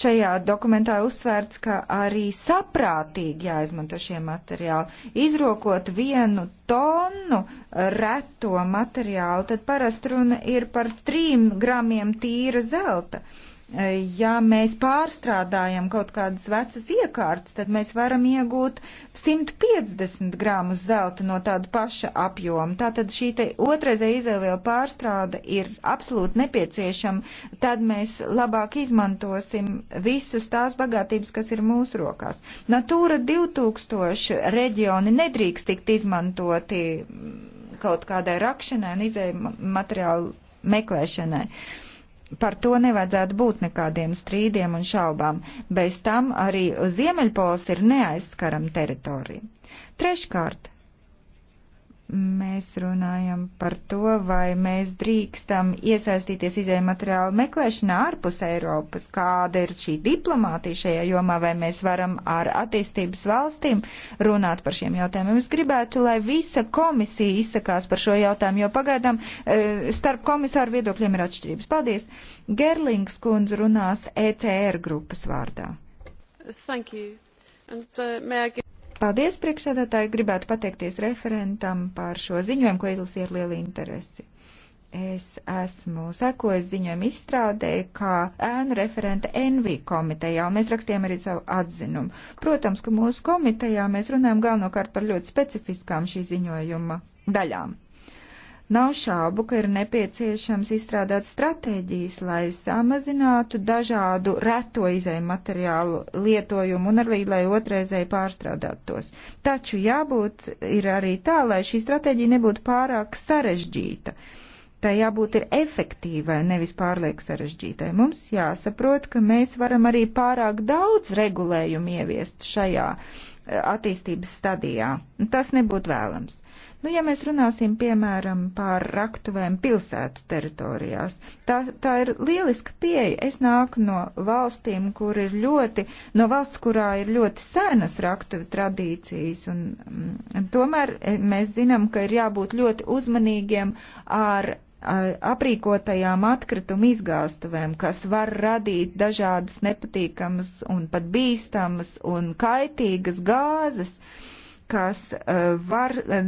Šajā dokumentā uzsvērts, ka arī saprātīgi jāizmanto šie materiāli. Izrokot vienu tonu reto materiālu, tad parasti runa ir par trim gramiem tīra zelta. Uh, ja mēs pārstrādājam kaut kādas vecas iekārtas, tad mēs varam iegūt 150 gramus zelta no tāda paša apjoma. Tātad šī te otrreizē izēviela pārstrāde ir absolūti nepieciešama, tad mēs labāk izmantosim visus tās bagātības, kas ir mūsu rokās. Natūra 2000 reģioni nedrīkst tikt izmantoti kaut kādai rakšanai un izēju materiālu meklēšanai. Uh, par to nevajadzētu būt nekādiem strīdiem un šaubām. Bez tam arī Ziemeļpols ir neaizskaram teritorija. Treškārt, Mēs runājam par to, vai mēs drīkstam iesaistīties izējuma materiālu meklēšanā ārpus Eiropas, kāda ir šī diplomātija šajā jomā, vai mēs varam ar attīstības valstīm runāt par šiem jautājumiem. Es gribētu, lai visa komisija izsakās par šo jautājumu, jo pagaidām e, starp komisāru viedokļiem ir atšķirības. Paldies! Gerlings kundze runās ECR grupas vārdā. Thank you. And, uh, may I give... Paldies, priekšsēdētāji! Gribētu pateikties referentam par šo ziņojumu, ko izlasīju ar lielu interesi. Es esmu sekojis ziņojumu izstrādē, kā ēnu referente NV komitejā, un mēs rakstījām arī savu atzinumu. Protams, ka mūsu komitejā mēs runājam galvenokārt par ļoti specifiskām šī ziņojuma daļām. Nav šaubu, ka ir nepieciešams izstrādāt stratēģijas, lai samazinātu dažādu reto izēju materiālu lietojumu un arī, lai otrreizēji pārstrādāt tos. Taču jābūt ir arī tā, lai šī stratēģija nebūtu pārāk sarežģīta. Tā jābūt ir efektīvai, nevis pārlieku sarežģītai. Mums jāsaprot, ka mēs varam arī pārāk daudz regulējumu ieviest šajā eh, attīstības stadijā. Tas nebūtu vēlams. Nu, ja mēs runāsim, piemēram, par raktuvēm pilsētu teritorijās, tā, tā ir lieliska pieeja. Es nāku no valstīm, kur ir ļoti, no valsts, kurā ir ļoti senas raktuvi tradīcijas, un mm, tomēr e, mēs zinām, ka ir jābūt ļoti uzmanīgiem ar aprīkotajām atkritumu izgāstuvēm, kas var radīt dažādas nepatīkamas un pat bīstamas un kaitīgas gāzes. Uh, kas eh, var eh,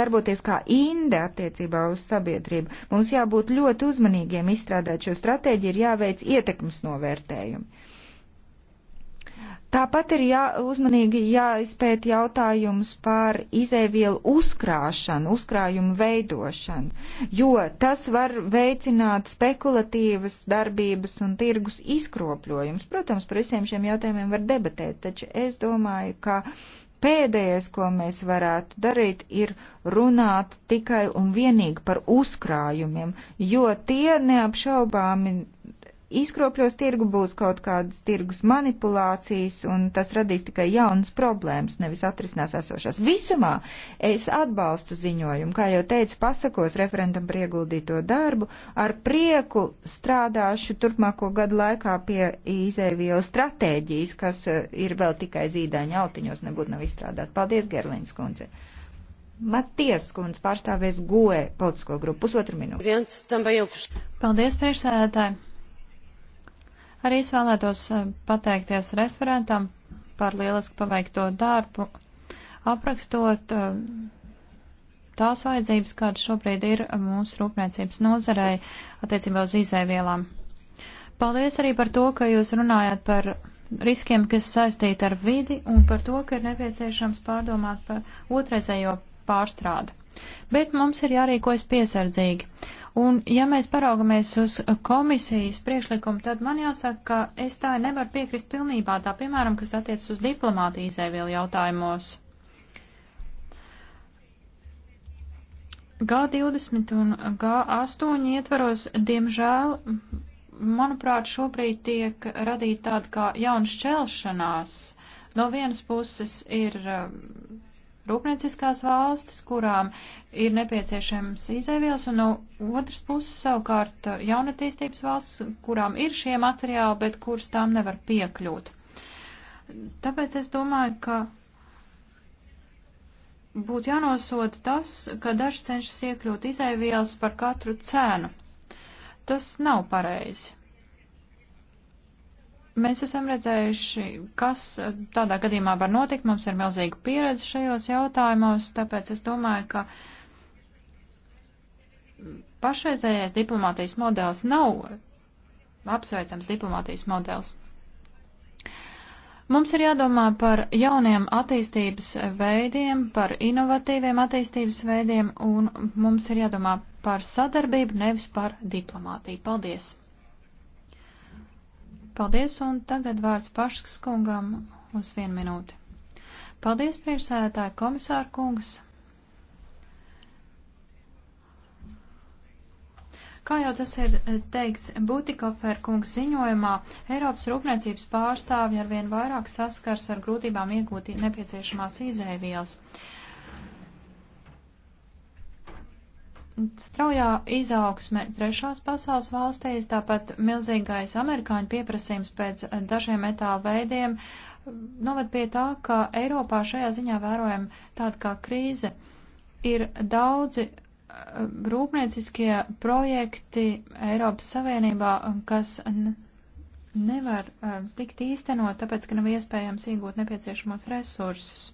darboties kā inde attiecībā uz sabiedrību. Mums jābūt ļoti uzmanīgiem izstrādāt šo stratēģiju, ir jāveic ietekmes novērtējumi. Tāpat ir jā, uzmanīgi jāizpēt jautājums par izēvielu uzkrāšanu, uzkrājumu veidošanu, jo tas var veicināt spekulatīvas darbības un tirgus izkropļojums. Protams, par visiem šiem jautājumiem var debatēt, taču es domāju, ka Pēdējais, ko mēs varētu darīt, ir runāt tikai un vienīgi par uzkrājumiem, jo tie neapšaubāmi izkropļos tirgu, būs kaut kādas tirgus manipulācijas, un tas radīs tikai jaunas problēmas, nevis atrisinās esošās. Visumā es atbalstu ziņojumu, kā jau teicu, pasakos referentam par ieguldīto darbu, ar prieku strādāšu turpmāko gadu laikā pie izēvielu stratēģijas, kas eh, ir vēl tikai zīdaiņa autiņos, nebūtu nav izstrādāt. Paldies, Gerliņas kundze! Matijas kundze pārstāvēs GOE politisko grupu pusotru minūti. Paldies, priekšsēdētāji! Arī es vēlētos eh, pateikties referentam par lieliski paveikto darbu, aprakstot eh, tās vajadzības, kādas šobrīd ir mūsu rūpniecības nozarei attiecībā uz izēvielām. Paldies arī par to, ka jūs runājat par riskiem, kas saistīti ar vidi un par to, ka ir nepieciešams pārdomāt par otrreizējo pārstrādi. Bet mums ir jārīkojas piesardzīgi. Un ja mēs paraugamies uz komisijas priekšlikumu, tad man jāsaka, ka es tā nevaru piekrist pilnībā, tā piemēram, kas attiecas uz diplomātijai vēl jautājumos. G20 un G8 ietvaros, diemžēl, manuprāt, šobrīd tiek radīta tāda kā jauna šķelšanās. No vienas puses ir rūpnieciskās valstis, kurām ir nepieciešams izēvielas, un no otras puses savukārt uh, jaunatīstības valstis, kurām ir šie materiāli, bet kuras tām nevar piekļūt. Tāpēc es domāju, ka būtu jānosoda tas, ka daži cenšas iekļūt izēvielas par katru cenu. Tas nav pareizi. Mēs esam redzējuši, kas tādā gadījumā var notikt. Mums ir milzīga pieredze šajos jautājumos, tāpēc es domāju, ka pašreizējais diplomātijas modelis nav apsveicams diplomātijas modelis. Mums ir jādomā par jauniem attīstības veidiem, par inovatīviem attīstības veidiem, un mums ir jādomā par sadarbību, nevis par diplomātiju. Paldies! Paldies, un tagad vārds Paškas kungam uz vienu minūti. Paldies, priekšsēdētāji komisāra kungs. Kā jau tas ir eh, teikts Butikofer kungs ziņojumā, Eiropas rūpniecības pārstāvji arvien vairāk saskars ar grūtībām iegūt nepieciešamās izēvielas. Straujā izaugsme trešās pasaules valstīs, tāpat milzīgais amerikāņu pieprasījums pēc dažiem metāla veidiem noved pie tā, ka Eiropā šajā ziņā vērojam tāda kā krīze. Ir daudzi eh, rūpnieciskie projekti Eiropas Savienībā, kas nevar eh, tikt īstenot, tāpēc, ka nav iespējams iegūt nepieciešamos resursus.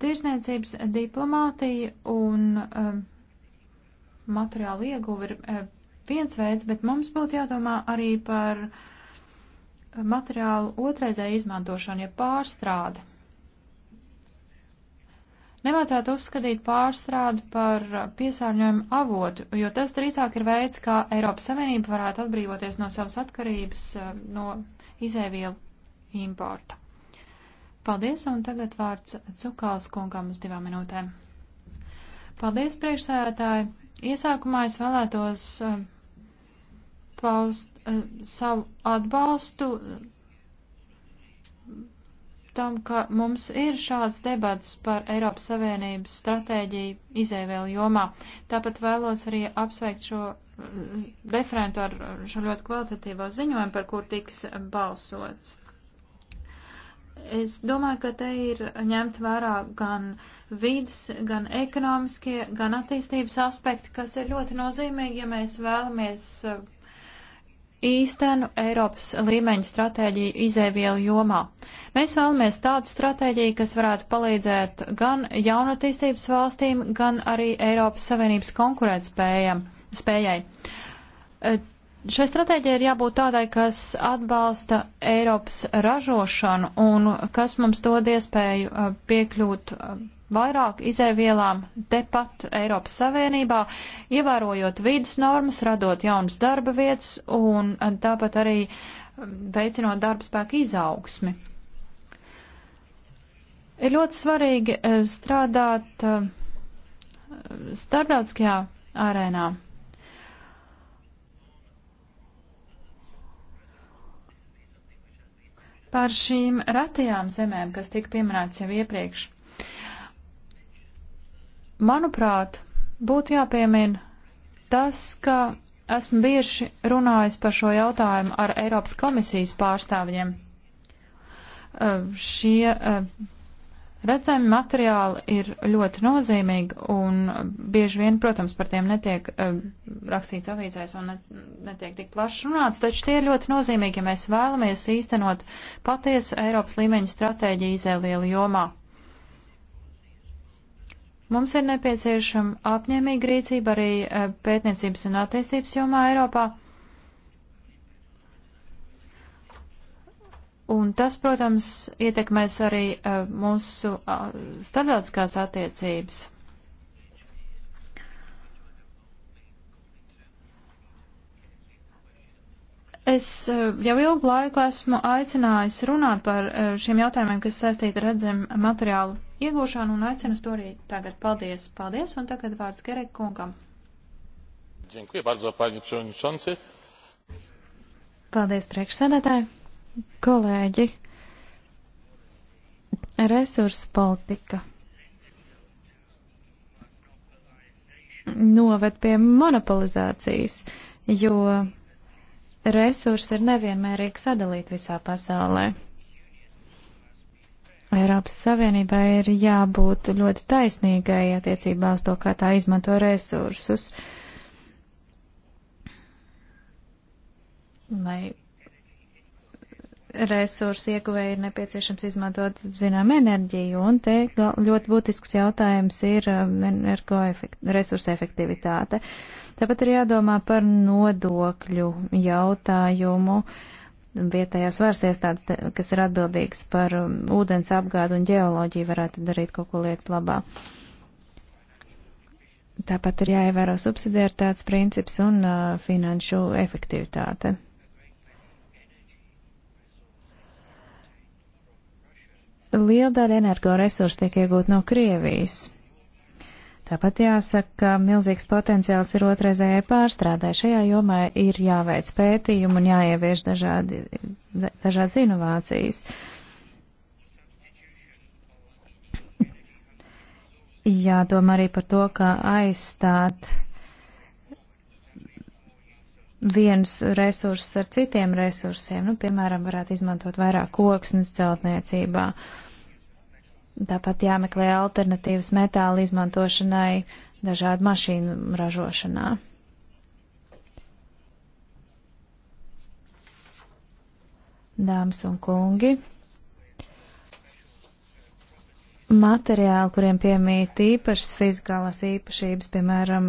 Tirzniecības diplomātija un um, materiāla ieguva ir um, viens veids, bet mums būtu jādomā arī par materiālu otraizēju izmantošanu, ja pārstrādi. Nevajadzētu uzskatīt pārstrādi par piesārņojumu avotu, jo tas drīzāk ir veids, kā Eiropas Savienība varētu atbrīvoties no savas atkarības uh, no izēvielu importa. Paldies, un tagad vārds Cukāls kungam uz divām minūtēm. Paldies, priekšsēdētāji. Iesākumā es vēlētos uh, paust uh, savu atbalstu eh, tam, ka mums ir šāds debats par Eiropas Savienības stratēģiju izēvēlu jomā. Tāpat vēlos arī apsveikt šo referentu ar šo ļoti kvalitatīvo ziņojumu, par kur tiks balsots. Es domāju, ka te ir ņemt vērā gan vidas, gan ekonomiskie, gan attīstības aspekti, kas ir ļoti nozīmīgi, ja mēs vēlamies uh, īstenu Eiropas līmeņa stratēģiju izēvielu jomā. Mēs vēlamies tādu stratēģiju, kas varētu palīdzēt gan jaunatīstības valstīm, gan arī Eiropas Savienības konkurētspējai. Šai stratēģijai ir jābūt tādai, kas atbalsta Eiropas ražošanu un kas mums dod iespēju uh, piekļūt uh, vairāk izēvielām tepat Eiropas Savienībā, ievērojot vidas normas, radot jaunas darba vietas un uh, tāpat arī um, veicinot darba spēku izaugsmi. Ir ļoti svarīgi strādāt starptautiskajā arēnā. par šīm retajām zemēm, kas tika pieminēts jau iepriekš. Manuprāt, būtu jāpiemina tas, ka esmu bieži runājis par šo jautājumu ar Eiropas komisijas pārstāvjiem. Šie Redzami materiāli ir ļoti nozīmīgi un bieži vien, protams, par tiem netiek um, rakstīts avīzēs un netiek tik plaši runāts, taču tie ir ļoti nozīmīgi, ja mēs vēlamies īstenot patiesu Eiropas līmeņa stratēģiju izēlielu jomā. Mums ir nepieciešama apņēmīga rīcība arī eh, pētniecības un attīstības jomā Eiropā. Un tas, protams, ietekmēs arī uh, mūsu uh, starptautiskās attiecības. Es uh, jau ilgu laiku esmu aicinājis runāt par uh, šiem jautājumiem, kas saistīti ar redzam materiālu iegūšanu, un aicinu to arī tagad. Paldies, paldies, un tagad vārds Gerek kungam. Dziękuję bardzo, panie przewodniczący. Paldies, priekšsēdētāji kolēģi, resursu politika noved pie monopolizācijas, jo resursi ir nevienmērīgi sadalīti visā pasaulē. Eiropas Savienībai ir jābūt ļoti taisnīgai attiecībā uz to, kā tā izmanto resursus, lai resursu ieguvēji ir nepieciešams izmantot, zinām, enerģiju, un te ļoti būtisks jautājums ir um, energoresursu efektivitāte. Tāpat ir jādomā par nodokļu jautājumu. Vietējās varas iestādes, kas ir atbildīgas par um, ūdens apgādu un ģeoloģiju, varētu darīt kaut ko lietas labā. Tāpat ir jāievēro subsidiaritātes princips un uh, finanšu efektivitāte. liela daļa energoresursu tiek iegūt no Krievijas. Tāpat jāsaka, ka milzīgs potenciāls ir otrreizējai pārstrādē. Šajā jomā ir jāveic pētījumi un jāievieš dažādi, dažādas inovācijas. Jādomā arī par to, kā aizstāt vienus resursus ar citiem resursiem. Nu, piemēram, varētu izmantot vairāk koksnes celtniecībā. Uh, Tāpat jāmeklē alternatīvas metāla izmantošanai dažādu mašīnu ražošanā. Dāmas un kungi, materiāli, kuriem piemīt īpašas fiziskās īpašības, piemēram,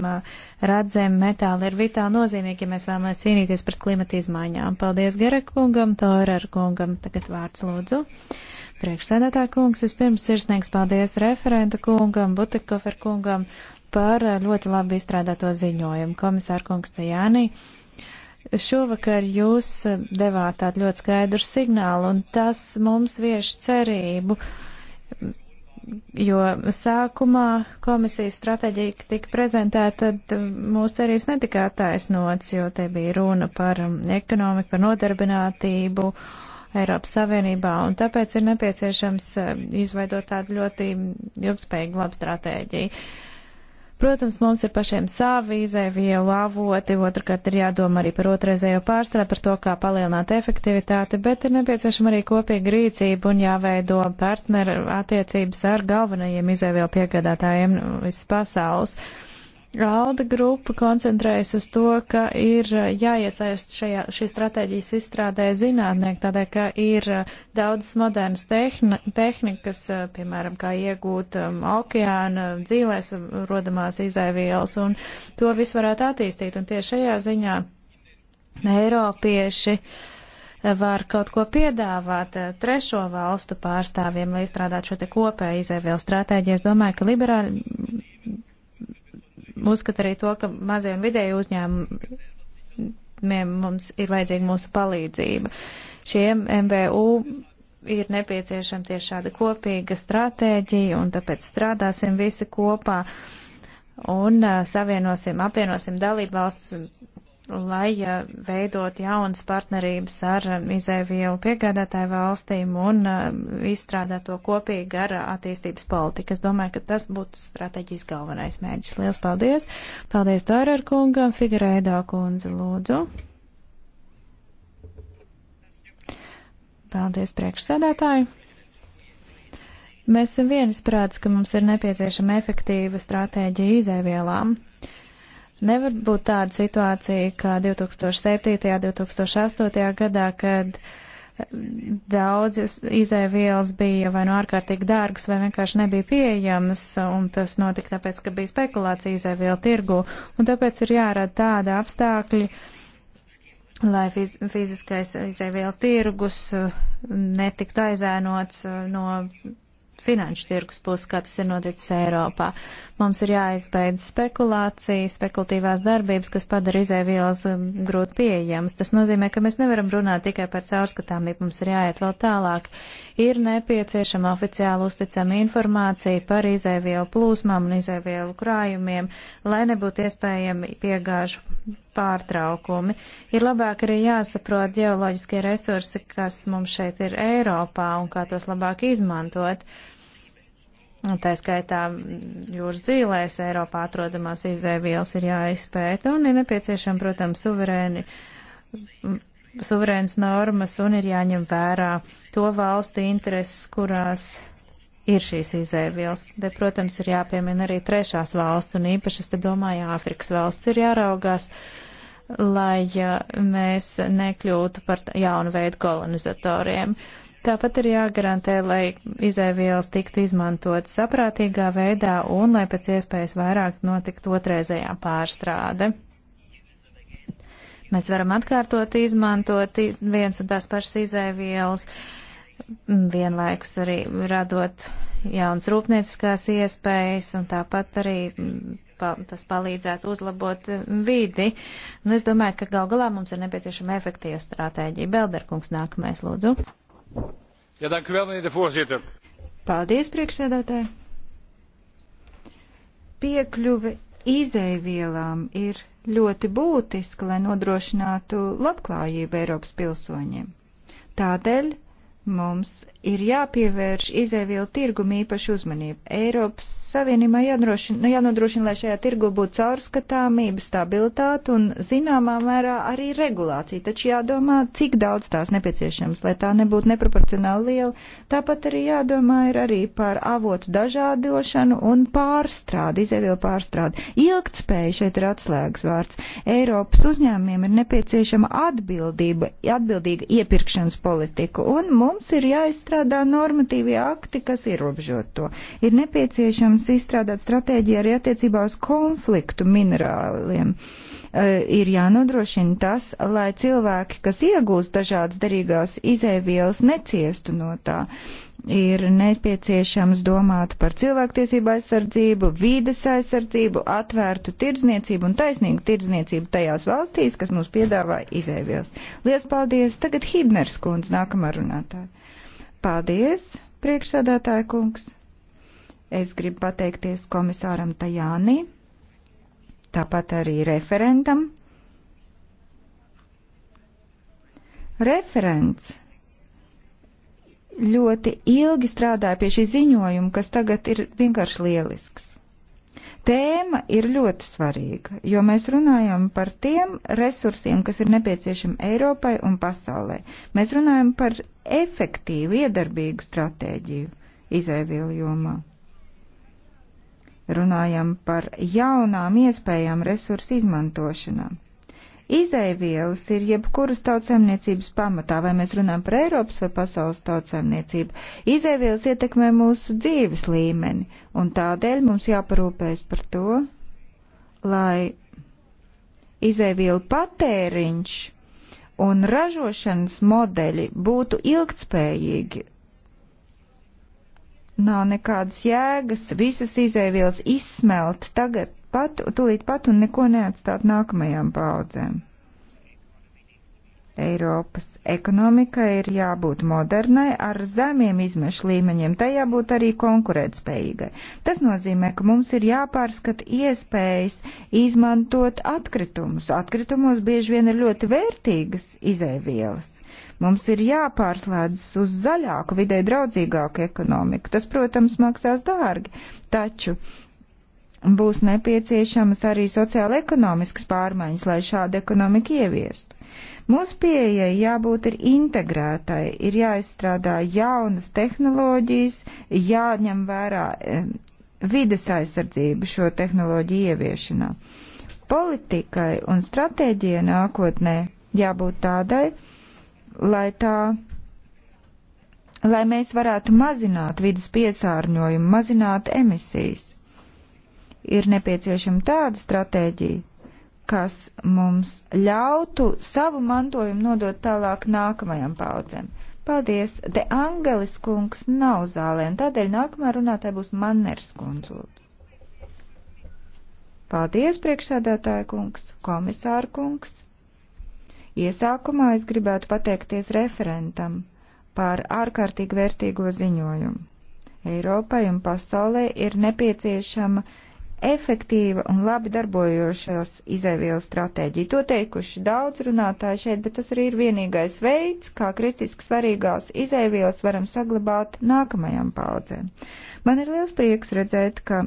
redzēm, metāli, ir vitāli nozīmīgi, ja mēs vēlamies cīnīties pret klimata izmaiņām. Paldies Gerekungam, Torer kungam, tagad vārds lūdzu. Uh, Priekšsēdētā kungs, vispirms sirsnīgs paldies referenta kungam, Butikofer kungam par ļoti labi izstrādāto ziņojumu. Komisāra kungs Tajānī, šovakar jūs devāt tādu ļoti skaidru signālu, un tas mums vieš cerību, jo sākumā komisijas stratēģija tika prezentēta, tad mūsu cerības netika attaisnots, jo te bija runa par um, ekonomiku, par nodarbinātību. Uh, Eiropas Savienībā, un tāpēc ir nepieciešams eh, izveidot tādu ļoti ilgspējīgu labu stratēģiju. Protams, mums ir pašiem savi izēvielu avoti, otrkārt ir jādomā arī par otrreizējo pārstrādi, par to, kā palielināt efektivitāti, bet ir nepieciešama arī kopīga rīcība un jāveido partneru attiecības ar galvenajiem izēvielu piegādātājiem nu, visas pasaules. Uh, Alda grupa koncentrējas uz to, ka ir uh, jāiesaist šajā, šī stratēģijas izstrādē zinātnieki, tādēļ, ka ir uh, daudzas modernas tehni, tehnikas, uh, piemēram, kā iegūt um, okeāna dzīvēs rodamās izaivielas, un to visu varētu attīstīt. Un tieši šajā ziņā Eiropieši var kaut ko piedāvāt trešo valstu pārstāvjiem, lai izstrādātu šo te kopēju izaivielu stratēģiju. Es domāju, ka liberāļi uzskata arī to, ka mazie un vidēji uzņēmumiem mums ir vajadzīga mūsu palīdzība. Šiem MBU ir nepieciešama tieši šāda kopīga stratēģija, un tāpēc strādāsim visi kopā un uh, savienosim, apvienosim dalību valsts lai ja, veidot jaunas partnerības ar um, izēvielu piegādātāju valstīm un uh, izstrādāt to kopīgi ar uh, attīstības politiku. Es domāju, ka tas būtu strateģiski galvenais mērķis. Lielas paldies! Paldies Dārēr kungam, Figurēdā kundze, lūdzu! Paldies priekšsēdētāji! Mēs esam vienisprāts, ka mums ir nepieciešama efektīva stratēģija izēvielām Nevar būt tāda situācija, kā 2007. un 2008. gadā, kad eh, daudzas izēvielas bija vai nu no ārkārtīgi dārgas, vai vienkārši nebija pieejamas, un tas notika tāpēc, ka bija spekulācija izēviela tirgu, un tāpēc ir jārada tāda apstākļi, lai fiz fiziskais izēviela tirgus eh, netiktu aizēnots eh, no finanšu tirgus puses, kā tas ir noticis Eiropā. Mums ir jāizbeidz spekulācija, spekulatīvās darbības, kas padara izēvielas um, grūti pieejamas. Tas nozīmē, ka mēs nevaram runāt tikai par caurskatāmību, mums ir jāiet vēl tālāk. Ir nepieciešama oficiāli uzticama informācija par izēvielu plūsmām un izēvielu krājumiem, lai nebūtu iespējami piegāžu pārtraukumi. Ir labāk arī jāsaprot ģeoloģiskie resursi, kas mums šeit ir Eiropā un kā tos labāk izmantot. Uh, Tā skaitā mm, jūras dzīvēs Eiropā atrodamās izēvielas ir jāizpēta un ir nepieciešama, protams, suverēni, mm, suverēnas normas un ir jāņem vērā to valstu intereses, kurās ir šīs izēvielas. Te, protams, ir jāpiemina arī trešās valsts un īpašas, te domāju, Āfrikas valsts ir jāraugās, lai mēs nekļūtu par jaunu veidu kolonizatoriem. Uh, Tāpat ir jāgarantē, lai izēvielas tiktu izmantot saprātīgā veidā un lai pēc iespējas vairāk notiktu otrreizējā pārstrāde. Mēs varam atkārtot izmantot viens un tās pašas izēvielas, vienlaikus arī radot jaunas rūpnieciskās iespējas un tāpat arī mm, tas palīdzētu uzlabot vidi. Nu, es domāju, ka gal galā mums ir nepieciešama efektīva stratēģija. Belderkungs nākamais, lūdzu. Ja, dank u wel, meneer de voorzitter. Paldies, priekšsēdētāji. Piekļuve izēvielām ir ļoti būtiska, lai nodrošinātu labklājību Eiropas pilsoņiem. Tādēļ Mums ir jāpievērš izēvielu tirgumu īpašu uzmanību. Eiropas Savienībā jānodrošina, nu, jānodrošina, lai šajā tirgu būtu caurskatāmība, stabilitāte un zināmā mērā arī regulācija. Taču jādomā, cik daudz tās nepieciešams, lai tā nebūtu neproporcionāli liela. Tāpat arī jādomā ir arī par avotu dažādošanu un pārstrādi, izēvielu pārstrādi. Ilgtspēja šeit ir atslēgas vārds. Eiropas uzņēmumiem ir nepieciešama atbildība, atbildīga iepirkšanas politika. Un mums Mums ir jāizstrādā normatīvie akti, kas ierobežot to. Ir nepieciešams izstrādāt stratēģiju arī attiecībā uz konfliktu minerāliem. E, ir jānodrošina tas, lai cilvēki, kas iegūst dažādas derīgās izēvielas, neciestu no tā ir nepieciešams domāt par cilvēktiesību aizsardzību, vīdes aizsardzību, atvērtu tirdzniecību un taisnīgu tirdzniecību tajās valstīs, kas mums piedāvā izēvielas. Lielas paldies! Tagad Hībners kundze nākamā runātāja. Paldies, priekšsēdētāja kungs! Es gribu pateikties komisāram Tajānī, tāpat arī referentam. Referents ļoti ilgi strādāju pie šī ziņojuma, kas tagad ir vienkārši lielisks. Tēma ir ļoti svarīga, jo mēs runājam par tiem resursiem, kas ir nepieciešami Eiropai un pasaulē. Mēs runājam par efektīvu, iedarbīgu stratēģiju izēvielu jomā. Runājam par jaunām iespējām resursu izmantošanām. Izaivielas ir jebkuras tautsēmniecības pamatā, vai mēs runājam par Eiropas vai pasaules tautsēmniecību. Izaivielas ietekmē mūsu dzīves līmeni, un tādēļ mums jāparūpējas par to, lai izaivielu patēriņš un ražošanas modeļi būtu ilgtspējīgi. Nav nekādas jēgas visas izaivielas izsmelt tagad pat, tūlīt pat un neko neatstāt nākamajām paudzēm. Eiropas ekonomika ir jābūt modernai, ar zemiem izmešu līmeņiem, tai jābūt arī konkurētspējīgai. Tas nozīmē, ka mums ir jāpārskata iespējas izmantot atkritumus. Atkritumos bieži vien ir ļoti vērtīgas izēvielas. Mums ir jāpārslēdzas uz zaļāku, vidē draudzīgāku ekonomiku. Tas, protams, maksās dārgi, taču Būs nepieciešamas arī sociāla-ekonomiskas pārmaiņas, lai šādu ekonomiku ieviestu. Mūsu pieejai jābūt ir integrētai, ir jāizstrādā jaunas tehnoloģijas, jāņem vērā vides aizsardzību šo tehnoloģiju ieviešanā. Politikai un stratēģijai nākotnē jābūt tādai, lai tā lai mēs varētu mazināt vidas piesārņojumu, mazināt emisijas. Ir nepieciešama tāda stratēģija, kas mums ļautu savu mantojumu nodot tālāk nākamajām paudzēm. Paldies! De Angelis kungs nav zālē, un tādēļ nākamā runātāja būs Manners kundzlūd. Paldies, priekšsēdētāja kungs, komisāra kungs! Iesākumā es gribētu pateikties referentam par ārkārtīgi vērtīgo ziņojumu. Eiropai un pasaulē ir nepieciešama efektīva un labi darbojošās izēvielu stratēģija. To teikuši daudz runātāji šeit, bet tas arī ir vienīgais veids, kā kritiski svarīgās izēvielas varam saglabāt nākamajām paudzēm. Man ir liels prieks redzēt, ka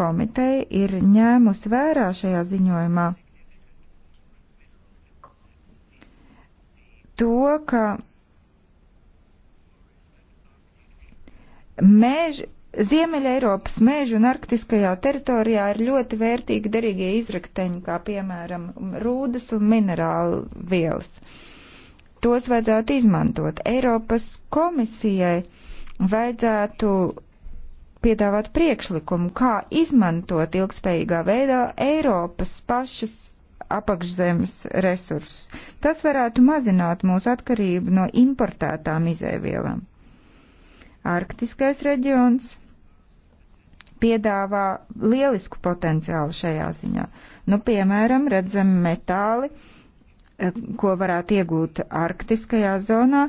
komiteja ir ņēmusi vērā šajā ziņojumā to, ka meži Ziemeļa Eiropas mēžu un arktiskajā teritorijā ir ļoti vērtīgi derīgie izrakteņi, kā piemēram rūdas un minerālu vielas. Tos vajadzētu izmantot. Eiropas komisijai vajadzētu piedāvāt priekšlikumu, kā izmantot ilgspējīgā veidā Eiropas pašas apakšzemes resursus. Tas varētu mazināt mūsu atkarību no importētām izēvielām. Arktiskais reģions piedāvā lielisku potenciālu šajā ziņā. Nu, piemēram, redzam metāli, e, ko varētu iegūt arktiskajā zonā,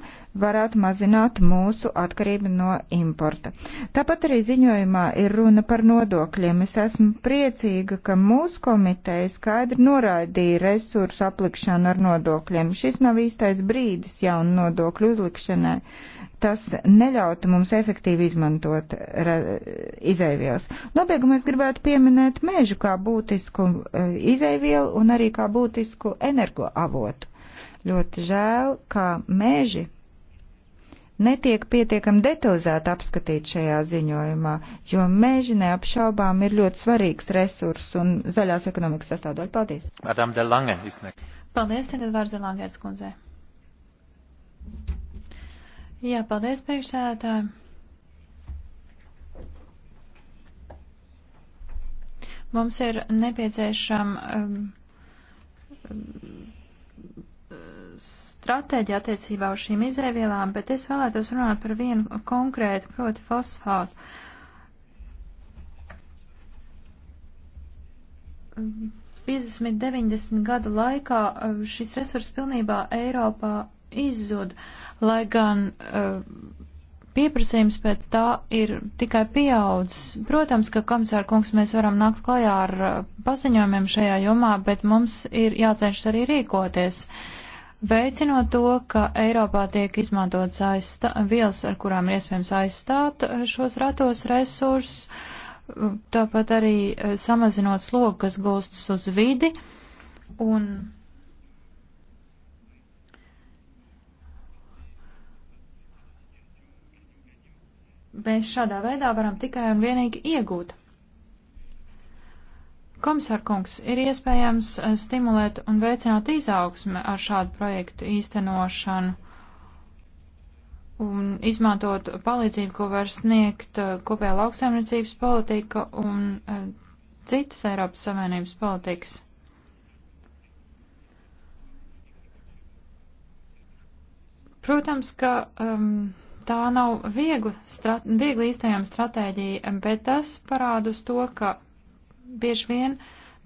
varētu mazināt mūsu atkarību no importa. Tāpat arī ziņojumā ir runa par nodokļiem. Es esmu priecīga, ka mūsu komiteja skaidri noraidīja resursu aplikšanu ar nodokļiem. Šis nav īstais brīdis jaunu nodokļu uzlikšanai tas neļautu mums efektīvi izmantot izēvielas. Nobeigumā es gribētu pieminēt mežu kā būtisku e, izēvielu un arī kā būtisku energoavotu. Ļoti žēl, ka meži netiek pietiekami detalizēti apskatīti šajā ziņojumā, jo meži neapšaubām ir ļoti svarīgs resurs un zaļās ekonomikas sastāvdaļa. Paldies! Paldies, tagad vārds Langērs kundzei. Jā, paldies priekšsēdētājiem. Mums ir nepieciešama um, stratēģija attiecībā uz šīm izēvielām, bet es vēlētos runāt par vienu konkrētu, proti fosfātu. Um, 50-90 gadu laikā um, šis resurs pilnībā Eiropā izzud. Uh, lai gan uh, pieprasījums pēc tā ir tikai pieaudzis. Protams, ka komisāra kungs mēs varam nākt klajā ar uh, paziņojumiem šajā jomā, bet mums ir jācenšas arī rīkoties. Veicinot to, ka Eiropā tiek izmantotas aizstā, vielas, ar kurām ir iespējams aizstāt eh, šos ratos resursus, tāpat arī samazinot slogu, kas gulstas uz vidi, un mēs šādā veidā varam tikai un vienīgi iegūt. Komisārkungs, ir iespējams eh, stimulēt un veicināt izaugsme ar šādu projektu īstenošanu un izmantot palīdzību, ko var sniegt eh, kopējā lauksaimniecības politika un eh, citas Eiropas Savienības politikas. Protams, ka um, tā nav viegli, strat, viegli īstējama stratēģija, bet tas parāda uz to, ka bieži vien,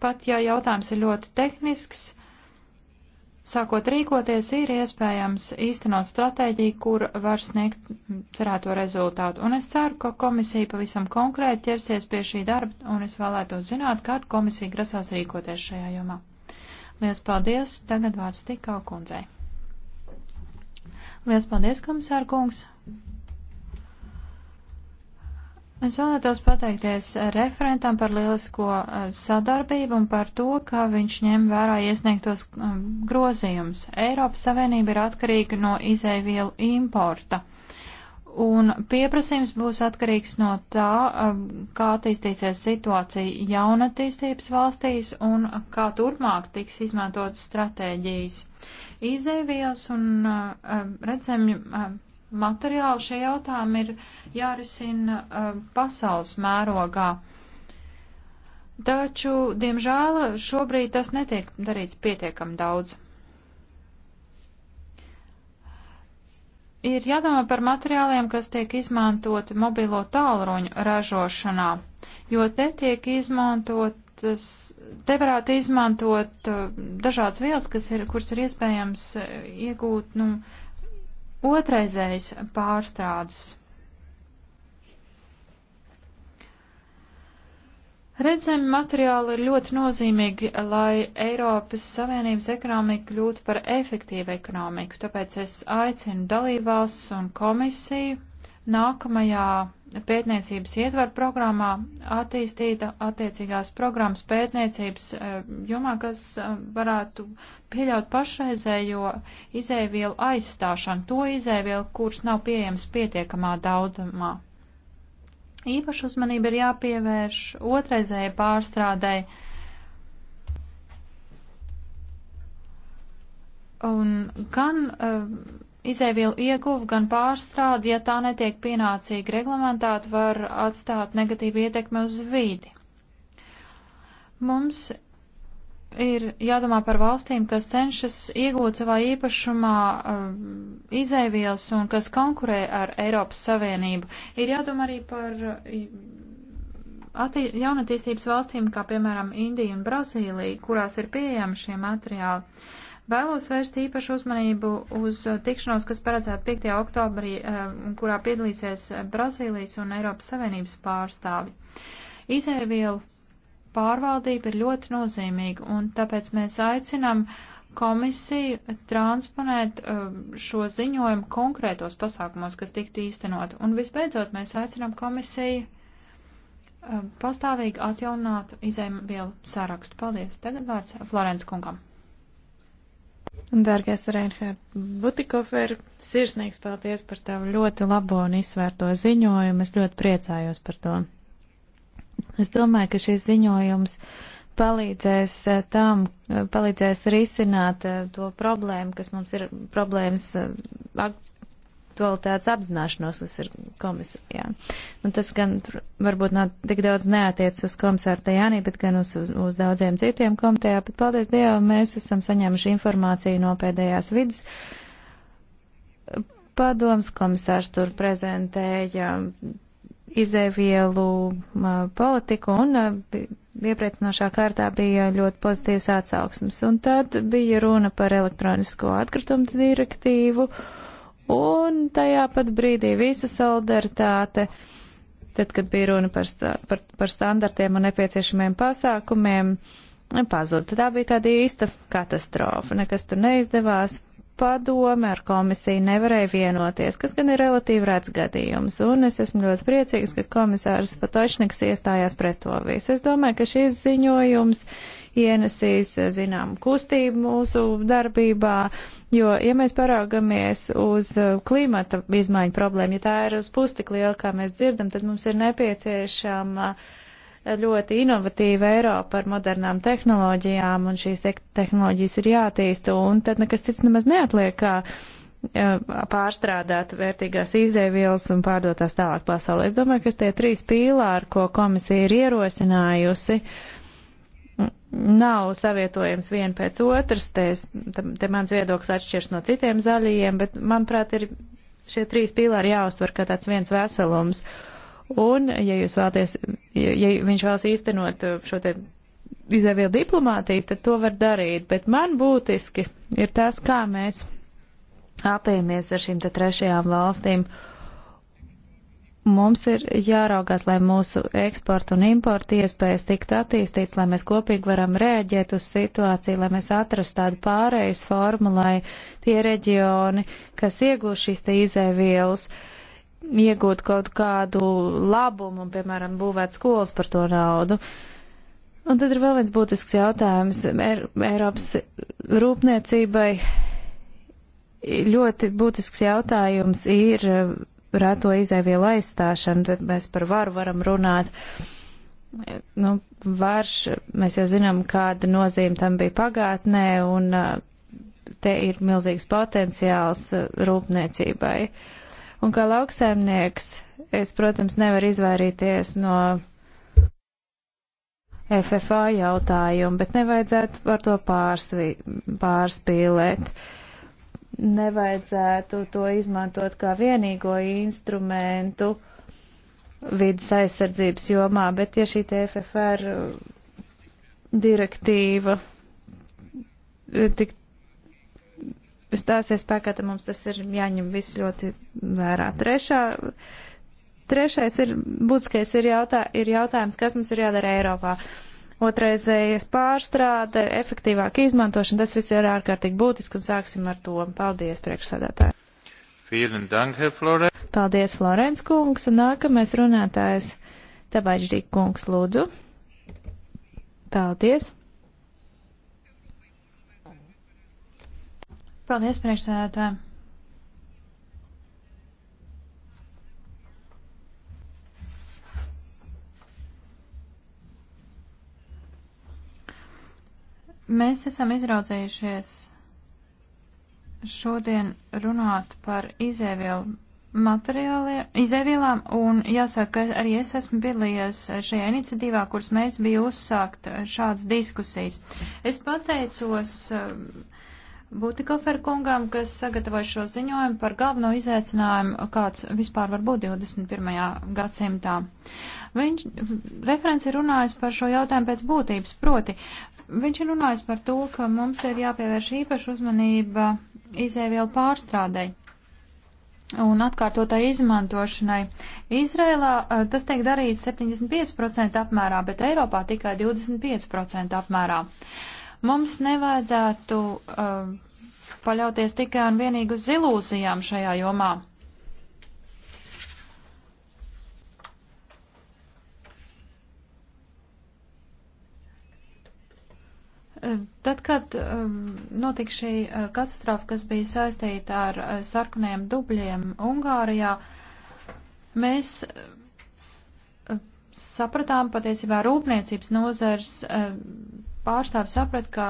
pat ja jautājums ir ļoti tehnisks, sākot rīkoties, ir iespējams īstenot stratēģiju, kur var sniegt cerēto rezultātu. Un es ceru, ka komisija pavisam konkrēti ķersies pie šī darba, un es vēlētos zināt, kā komisija grasās rīkoties šajā jomā. Lielas paldies! Tagad vārds tikā kundzei. Lielas paldies, komisāra kungs! Es vēlētos pateikties referentam par lielisko eh, sadarbību un par to, ka viņš ņem vērā iesniegtos eh, grozījumus. Eiropas Savienība ir atkarīga no izēvielu importa, un pieprasījums būs atkarīgs no tā, eh, kā attīstīsies situācija jaunatīstības valstīs un kā turpmāk tiks izmantotas stratēģijas izēvielas un uh, um, redzami um, materiāli šie jautājumi ir jārisina um, pasaules mērogā. Taču, diemžēl, šobrīd tas netiek darīts pietiekami daudz. Ir jādomā par materiāliem, kas tiek izmantoti mobilo tālruņu ražošanā, jo te tiek izmantot tas, te varētu izmantot uh, dažādas vielas, kas ir, kuras ir iespējams uh, iegūt, nu, otraizējas pārstrādes. Redzami materiāli ir ļoti nozīmīgi, lai Eiropas Savienības ekonomika kļūtu par efektīvu ekonomiku, tāpēc es aicinu dalībvalstis un komisiju nākamajā pētniecības ietvaru programmā attīstīta attiecīgās programmas pētniecības eh, jomā, kas eh, varētu pieļaut pašreizējo izēvielu aizstāšanu, to izēvielu, kuras nav pieejams pietiekamā daudzumā. Īpaši uzmanība ir jāpievērš otraizēja pārstrādai. Un gan uh, izēvielu ieguvu, gan pārstrādi, ja tā netiek pienācīgi reglamentēta, var atstāt negatīvu ietekmi uz vidi. Mums ir jādomā par valstīm, kas cenšas iegūt savā īpašumā um, izēvielas un kas konkurē ar Eiropas Savienību. Ir jādomā arī par um, jaunatīstības valstīm, kā piemēram Indija un Brazīlija, kurās ir pieejami šie materiāli. Vēlos vērst īpašu uzmanību uz uh, tikšanos, kas paredzēta 5. oktobrī, uh, kurā piedalīsies uh, Brazīlijas un Eiropas Savienības pārstāvi. Izēvielu pārvaldība ir ļoti nozīmīga, un tāpēc mēs aicinām komisiju transponēt šo ziņojumu konkrētos pasākumos, kas tiktu īstenot. Un visbeidzot, mēs aicinām komisiju pastāvīgi atjaunāt izēvielu sarakstu. Paldies. Tagad vārds Florence kungam. Dārgais Reinhard Butikofer, sirsnīgs paldies par tavu ļoti labo un izsvērto ziņojumu. Es ļoti priecājos par to. Es domāju, ka šis ziņojums palīdzēs eh, tam, eh, palīdzēs risināt eh, to problēmu, kas mums ir problēmas aktualitātes apzināšanos, kas ir komisijā. Un tas gan varbūt nav tik daudz neatiec uz komisāru Tajānī, bet gan uz, uz, uz daudziem citiem komitejā, bet paldies Dievam, mēs esam saņēmuši informāciju no pēdējās vidas padoms komisārs tur prezentēja izēvielu politiku un iepriecinošā kārtā bija ļoti pozitīvs atsauksmes. Un tad bija runa par elektronisko atkritumu direktīvu. Uh, un tajā pat brīdī visa solidaritāte, tad, kad bija runa par, stā, par, par standartiem un nepieciešamiem pasākumiem, pazuda. Tā bija tāda īsta katastrofa, nekas tur neizdevās padome ar komisiju nevarēja vienoties, kas gan ir relatīvi rēts gadījums, un es esmu ļoti priecīgs, ka komisārs Patočniks iestājās pret to visu. Es domāju, ka šis ziņojums ienesīs, eh, zinām, kustību mūsu darbībā, jo, ja mēs paraugamies uz eh, klimata izmaiņu problēmu, ja tā ir uz pustik liela, kā mēs dzirdam, tad mums ir nepieciešama uh, ļoti inovatīva Eiropa ar modernām tehnoloģijām, un šīs tehnoloģijas ir jātīsta, un tad nekas cits nemaz neatliek, kā e, pārstrādāt vērtīgās izēvielas un pārdotās tālāk pasaulē. Es domāju, ka tie trīs pīlāri, ko komisija ir ierosinājusi, nav savietojams vien pēc otras, te, es, te mans viedoklis atšķirs no citiem zaļajiem, bet, manuprāt, ir šie trīs pīlāri jāuztver kā tāds viens veselums. Uh, Un, ja jūs vēlaties, ja, ja viņš vēlas īstenot uh, šo te izēvielu diplomātiju, tad to var darīt. Bet man būtiski ir tas, kā mēs apējamies ar šīm te trešajām valstīm. Mums ir jāraugās, lai mūsu eksporta un importa iespējas tiktu attīstīts, lai mēs kopīgi varam rēģēt uz situāciju, lai mēs atrastu tādu pārējas formu, lai tie reģioni, kas iegūst šīs te izēvielas, uh, iegūt kaut kādu labumu, piemēram, būvēt skolas par to naudu. Un tad ir vēl viens būtisks jautājums. Er, Eiropas rūpniecībai ļoti būtisks jautājums ir eh, reto izēvielu aizstāšana, bet mēs par varu varam runāt. Nu, varš, mēs jau zinām, kāda nozīme tam bija pagātnē, un eh, te ir milzīgs potenciāls eh, rūpniecībai. Uh, Un kā lauksaimnieks, es, protams, nevaru izvairīties no FFA jautājumu, bet nevajadzētu par to pārsvi, pārspīlēt. Nevajadzētu to izmantot kā vienīgo instrumentu vidas aizsardzības jomā, bet ja šī TFFR direktīva eh, tik stāsies spēkā, tad mums tas ir jāņem viss ļoti vērā. Trešā, trešais ir būtiskais ir, jautā, ir jautājums, kas mums ir jādara Eiropā. Otraizējas pārstrāde, efektīvāka izmantošana, tas viss ir ārkārtīgi būtiski un sāksim ar to. Paldies, priekšsādātāji. Paldies, Florence kungs, un nākamais runātājs Tabaģģī kungs, lūdzu. Paldies. Paldies, priekšsēdētāji! Mēs esam izraudzējušies šodien runāt par izēvielu izēvielām, un jāsaka, ka arī es esmu piedalījies šajā iniciatīvā, kuras mēs bija uzsākt šādas diskusijas. Es pateicos uh, Butikofer kungam, kas sagatavoja šo ziņojumu par galveno izaicinājumu, kāds vispār var būt 21. gadsimtā. Viņš, referents ir runājis par šo jautājumu pēc būtības, proti, viņš ir runājis par to, ka mums ir jāpievērš īpaša uzmanība izēvielu pārstrādei un atkārtotai izmantošanai. Izrēlā eh, tas tiek darīts 75% apmērā, bet Eiropā tikai 25% apmērā. Uh, Mums nevajadzētu uh, paļauties tikai un vienīgi uz ilūzijām šajā jomā. Um, tad, kad um, notika šī uh, katastrofa, kas bija saistīta ar uh, sarkaniem dubļiem Ungārijā, mēs uh, sapratām patiesībā rūpniecības nozars um, pārstāvi saprata, ka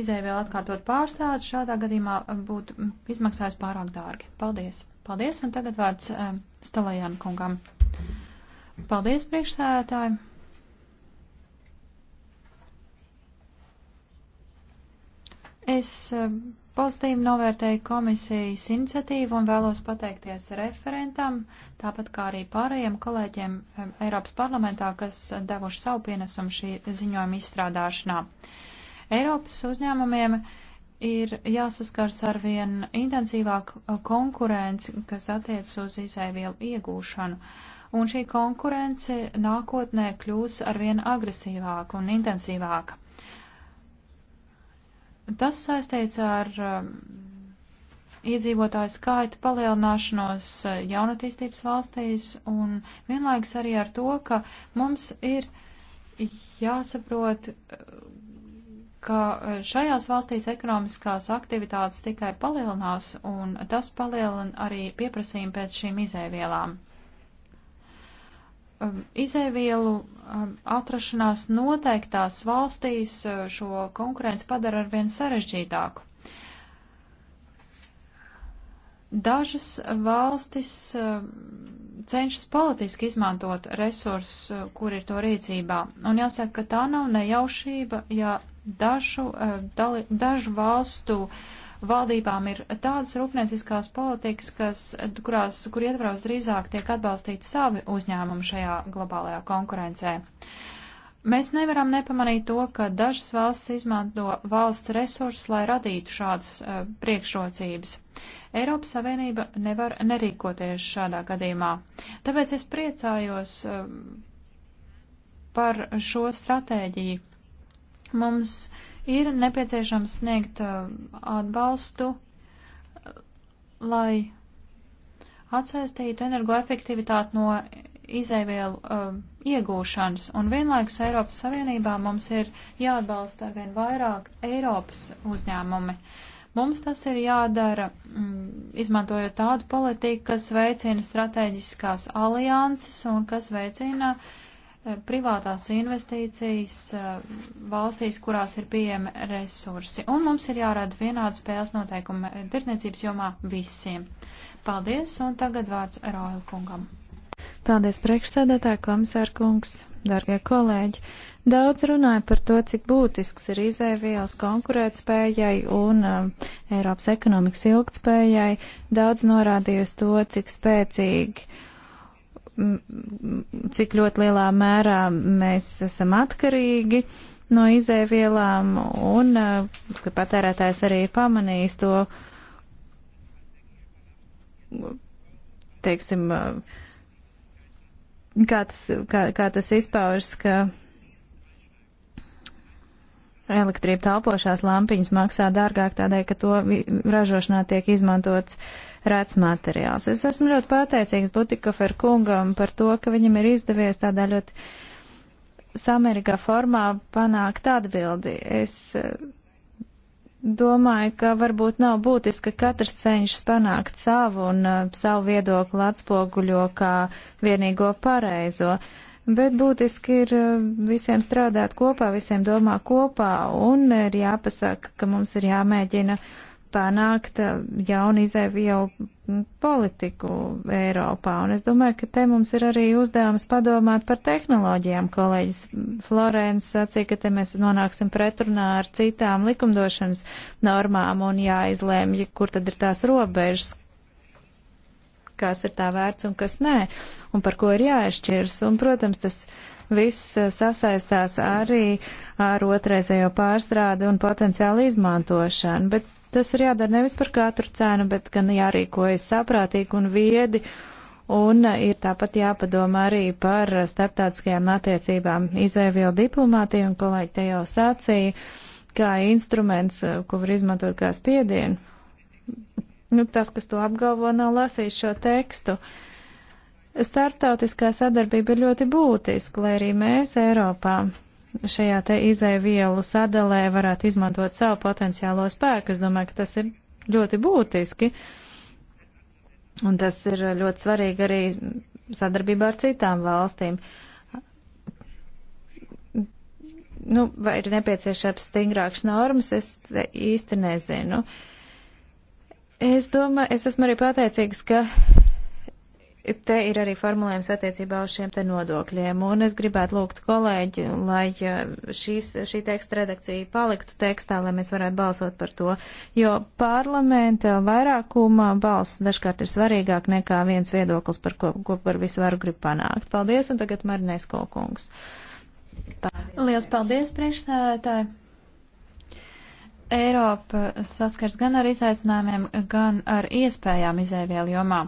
izēvielu atkārtot pārstāvi šādā gadījumā um, būtu um, izmaksājis pārāk dārgi. Paldies! Paldies, un tagad vārds um, Stalējāna kungam. Paldies, priekšsēdētāji! Es um, Pozitīvi novērtēju komisijas iniciatīvu un vēlos pateikties referentam, tāpat kā arī pārējiem kolēģiem Eiropas parlamentā, kas devuši savu pienesumu šī ziņojuma izstrādāšanā. Eiropas uzņēmumiem ir jāsaskars ar vien intensīvāk konkurenci, kas attiec uz izēvielu iegūšanu. Un šī konkurence nākotnē kļūs arvien agresīvāka un intensīvāka. Tas saistīts ar um, iedzīvotāju skaitu palielināšanos uh, jaunatīstības valstīs un vienlaiks arī ar to, ka mums ir jāsaprot, uh, ka uh, šajās valstīs ekonomiskās aktivitātes tikai palielinās un tas palielina arī pieprasījumu pēc šīm izēvielām. Um, izēvielu um, atrašanās noteiktās valstīs uh, šo konkurenci padara arvien sarežģītāku. Dažas valstis um, cenšas politiski izmantot resursus, uh, kur ir to rīcībā. Un jāsaka, ka tā nav nejaušība, ja dažu, uh, dažu valstu uh, valdībām ir tādas rūpnieciskās politikas, kas, kurās, kur ietvaros drīzāk tiek atbalstīti savi uzņēmumi šajā globālajā konkurencē. Mēs nevaram nepamanīt to, ka dažas valsts izmanto valsts resursus, lai radītu šādas uh, priekšrocības. Eiropas Savienība nevar nerīkoties šādā gadījumā. Tāpēc es priecājos uh, par šo stratēģiju. Mums uh, ir nepieciešams sniegt uh, atbalstu, uh, lai atsaistītu energoefektivitāti no izēvielu uh, iegūšanas, un vienlaikus Eiropas Savienībā mums ir jāatbalsta arvien vairāk Eiropas uzņēmumi. Mums tas ir jādara, mm, izmantojot tādu politiku, kas veicina strateģiskās alianses un kas veicina uh, Eh, privātās investīcijas eh, valstīs, kurās ir pieejami resursi. Un mums ir jārada vienādas spēles noteikumi tirsniecības jomā visiem. Paldies, un tagad vārds Roila kungam. Paldies, priekšsēdētāja komisāra kungs, darbie kolēģi. Daudz runāja par to, cik būtisks ir izēvielas konkurētspējai un uh, Eiropas ekonomikas ilgtspējai. Daudz norādījusi to, cik spēcīgi uh, cik ļoti lielā mērā mēs esam atkarīgi no izēvielām un eh, ka patērētājs arī ir pamanījis to, teiksim, eh, kā tas, kā, kā tas izpaužas, ka elektrību taupošās lampiņas maksā dārgāk tādēļ, ka to ražošanā tiek izmantots rēts materiāls. Es esmu ļoti pateicīgs Butikofer kungam par to, ka viņam ir izdevies tādā ļoti samērīgā formā panākt atbildi. Es eh, domāju, ka varbūt nav būtiski, ka katrs cenšas panākt savu un uh, savu viedokli atspoguļo kā vienīgo pareizo. Uh, bet būtiski ir eh, visiem strādāt kopā, visiem domā kopā un ir jāpasaka, ka mums ir jāmēģina panākt eh, jaunu izēvielu politiku Eiropā. Un es domāju, ka te mums ir arī uzdevums padomāt par tehnoloģijām. Kolēģis Florence sacīja, ka te mēs nonāksim pretrunā ar citām likumdošanas normām un jāizlēmj, kur tad ir tās robežas, kas ir tā vērts un kas nē, un par ko ir jāizšķirs. Un, protams, tas viss eh, sasaistās arī ar otrreizējo pārstrādi un potenciālu izmantošanu, bet tas ir jādara nevis par katru cenu, bet gan jārīkojas saprātīgi un viedi. Un eh, ir tāpat jāpadomā arī par starptautiskajām attiecībām. Izēvielu diplomātija un kolēģi te jau sacīja, kā instruments, eh, ko var izmantot kā spiedienu. Nu, tas, kas to apgalvo, nav lasījis šo tekstu. Startautiskā sadarbība ir ļoti būtiska, lai arī mēs Eiropā šajā te izēvielu sadalē varētu izmantot savu potenciālo spēku. Es domāju, ka tas ir ļoti būtiski. Un tas ir ļoti svarīgi arī sadarbībā ar citām valstīm. Nu, vai ir nepieciešams stingrāks normas, es īsti nezinu. Uh, Es domāju, es esmu arī pateicīgs, ka te ir arī formulējums attiecībā uz šiem te nodokļiem, un es gribētu lūgt kolēģi, lai eh, šīs, šī teksta redakcija paliktu tekstā, lai mēs varētu balsot par to, jo parlamenta vairākumā balss dažkārt ir svarīgāk nekā viens viedoklis, par ko, ko par visu varu grib panākt. Paldies, un tagad Marinesko kungs. Paldies. Liels paldies, priekšstādātāji! Eiropa saskars gan ar izaicinājumiem, gan ar iespējām izēvielu jomā.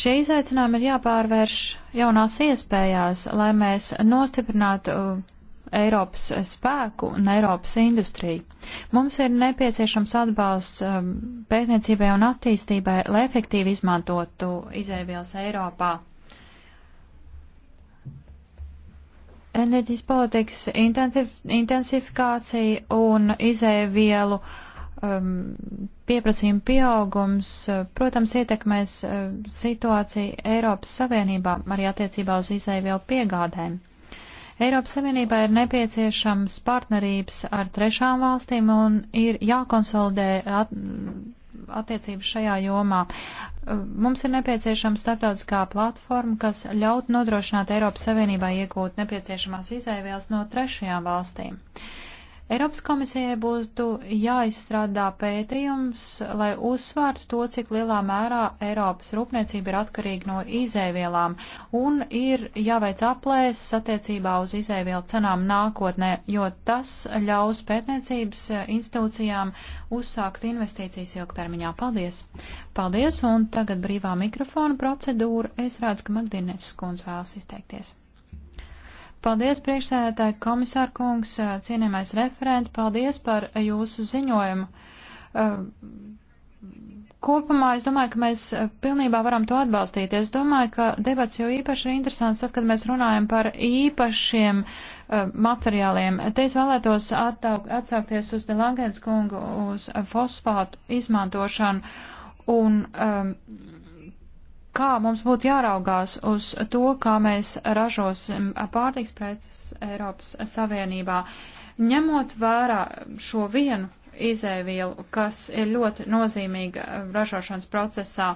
Šie izaicinājumi ir jāpārvērš jaunās iespējās, lai mēs nostiprinātu Eiropas spēku un Eiropas industriju. Mums ir nepieciešams atbalsts um, pētniecībai un attīstībai, lai efektīvi izmantotu izēvielas Eiropā. enerģijas politikas intensifikācija un izēvielu um, pieprasījuma pieaugums, uh, protams, ietekmēs uh, situāciju Eiropas Savienībā arī attiecībā uz izēvielu piegādēm. Eiropas Savienībā ir nepieciešams partnerības ar trešām valstīm un ir jākonsolidē at, attiecības šajā jomā. Mums ir nepieciešama starptautiskā platforma, kas ļaut nodrošināt Eiropas Savienībā iegūt nepieciešamās izēvēles no trešajām valstīm. Uh, Eiropas komisijai būtu jāizstrādā pētījums, lai uzsvērtu to, cik lielā mērā Eiropas rūpniecība ir atkarīga no izēvielām un ir jāveic aplēses attiecībā uz izēvielu cenām nākotnē, jo tas ļaus pētniecības institūcijām uzsākt investīcijas ilgtermiņā. Paldies! Paldies! Un tagad brīvā mikrofona procedūra. Es redzu, ka Magdīnēs skundz vēlas izteikties. Paldies, priekšsēdētāji, komisāra kungs, cienījamais referenti, paldies par jūsu ziņojumu. Kopumā es domāju, ka mēs pilnībā varam to atbalstīt. Es domāju, ka debats jau īpaši ir interesants tad, kad mēs runājam par īpašiem materiāliem. Te es vēlētos attauk, atsaukties uz Delangēns kungu, uz fosfātu izmantošanu un um, kā mums būtu jāraugās uz to, kā mēs ražosim pārtiks preces Eiropas Savienībā, ņemot vērā šo vienu izēvielu, kas ir ļoti nozīmīga ražošanas procesā.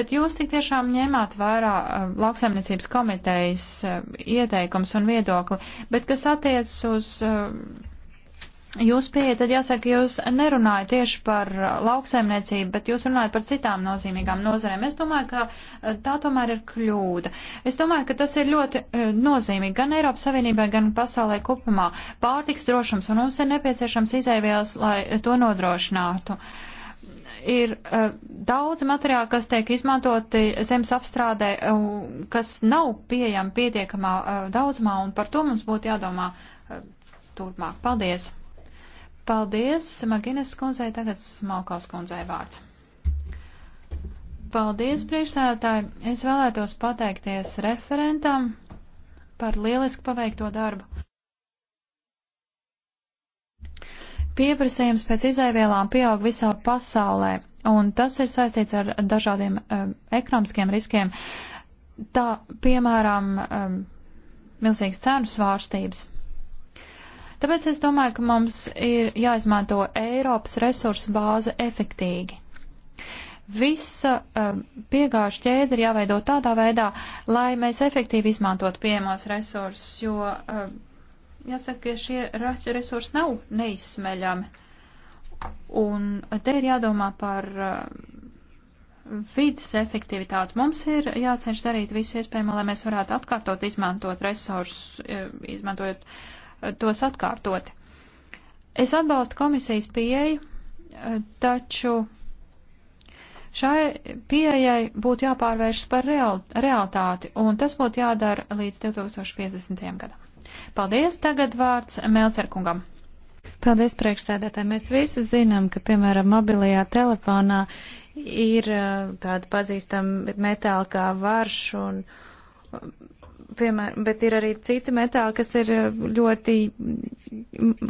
Bet jūs tik tiešām ņēmāt vērā eh, lauksaimniecības komitejas eh, ieteikums un viedokli, bet kas attiecas uz eh, Jūs pieeja, tad jāsaka, jūs nerunājat tieši par uh, lauksaimniecību, bet jūs runājat par citām nozīmīgām nozarēm. Es domāju, ka uh, tā tomēr ir kļūda. Es domāju, ka tas ir ļoti uh, nozīmīgi gan Eiropas Savienībai, gan pasaulē kopumā. Pārtiks drošums un mums ir nepieciešams izēvielas, lai to nodrošinātu. Ir uh, daudz materiāla, kas tiek izmantoti zemes apstrādē, uh, kas nav pieejama pietiekamā uh, daudzumā, un par to mums būtu jādomā uh, turpmāk. Paldies! Paldies, Maginas kundzei, tagad Smalkaus kundzei vārds. Paldies, priekšsēdētāji. Es vēlētos pateikties referentam par lieliski paveikto darbu. Pieprasījums pēc izaivielām pieaug visā pasaulē, un tas ir saistīts ar dažādiem um, ekonomiskiem riskiem. Tā, piemēram, um, milzīgas cenu svārstības. Tāpēc es domāju, ka mums ir jāizmanto Eiropas resursu bāze efektīgi. Visa uh, piegāžu ķēde ir jāveido tādā veidā, lai mēs efektīvi izmantotu pieejamos resursus, jo uh, jāsaka, ka šie resursi nav neizsmeļami. Un te ir jādomā par uh, vidas efektivitāti. Mums ir jācenš darīt visu iespējamo, lai mēs varētu atkārtot izmantot resursus, izmantojot uh, tos atkārtot. Es atbalstu komisijas pieeju, eh, taču šai pieejai būtu jāpārvēršas par real, realitāti, un tas būtu jādara līdz 2050. gadam. Paldies, tagad vārds Melcerkungam. Paldies, priekšsēdētāji. Mēs visi zinām, ka, piemēram, mobilajā telefonā ir eh, tāda pazīstama metāla kā varš un piemēram, bet ir arī citi metāli, kas ir ļoti,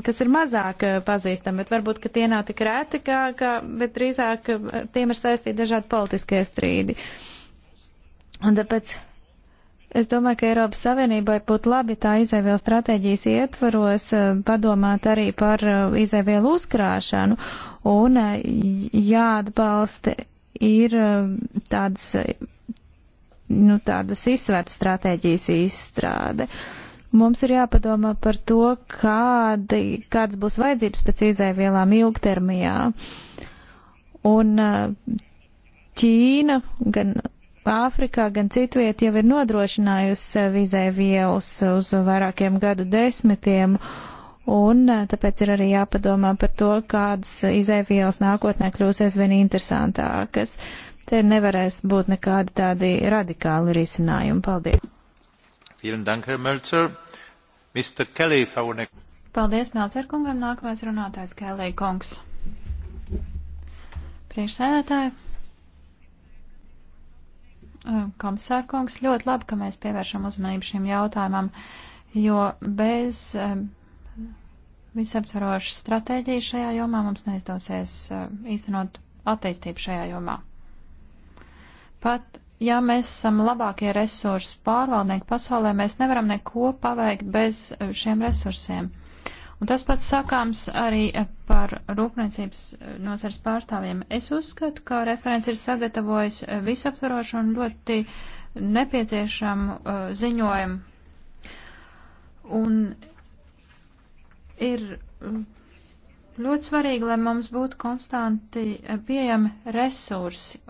kas ir mazāk pazīstami, bet varbūt, ka tie nav tik rēti, kā, kā, bet drīzāk eh, tiem ir saistīti dažādi politiskie strīdi. Un tāpēc es domāju, ka Eiropas Savienībai būtu labi tā izēvielu stratēģijas ietvaros eh, padomāt arī par eh, izēvielu uzkrāšanu un jāatbalsta ir tādas nu, tādas izsvērts stratēģijas izstrāde. Mums ir jāpadomā par to, kādi, kādas būs vajadzības pēc izēvielām ilgtermijā. Un eh, Ķīna gan Āfrikā, gan citviet jau ir nodrošinājusi sev izēvielas uz vairākiem gadu desmitiem. Un eh, tāpēc ir arī jāpadomā par to, kādas izēvielas nākotnē kļūs aizvien interesantākas. Uh, te nevarēs būt nekādi tādi radikāli risinājumi. Paldies! Paldies, Melcer kungam. Nākamais runātājs Kelly kungs. Priekšsēdētāji. Eh, komisār kungs, ļoti labi, ka mēs pievēršam uzmanību šim jautājumam, jo bez eh, visaptvarošas stratēģijas šajā jomā mums neizdosies eh, īstenot attīstību šajā jomā. Pat ja mēs esam labākie resursu pārvaldnieki pasaulē, mēs nevaram neko paveikt bez eh, šiem resursiem. Un tas pats sakāms arī eh, par rūpniecības eh, nozars pārstāvjiem. Es uzskatu, ka referents ir sagatavojis visaptvarošu un ļoti nepieciešamu uh, ziņojumu. Un ir mm, ļoti svarīgi, lai mums būtu konstanti pieejami resursi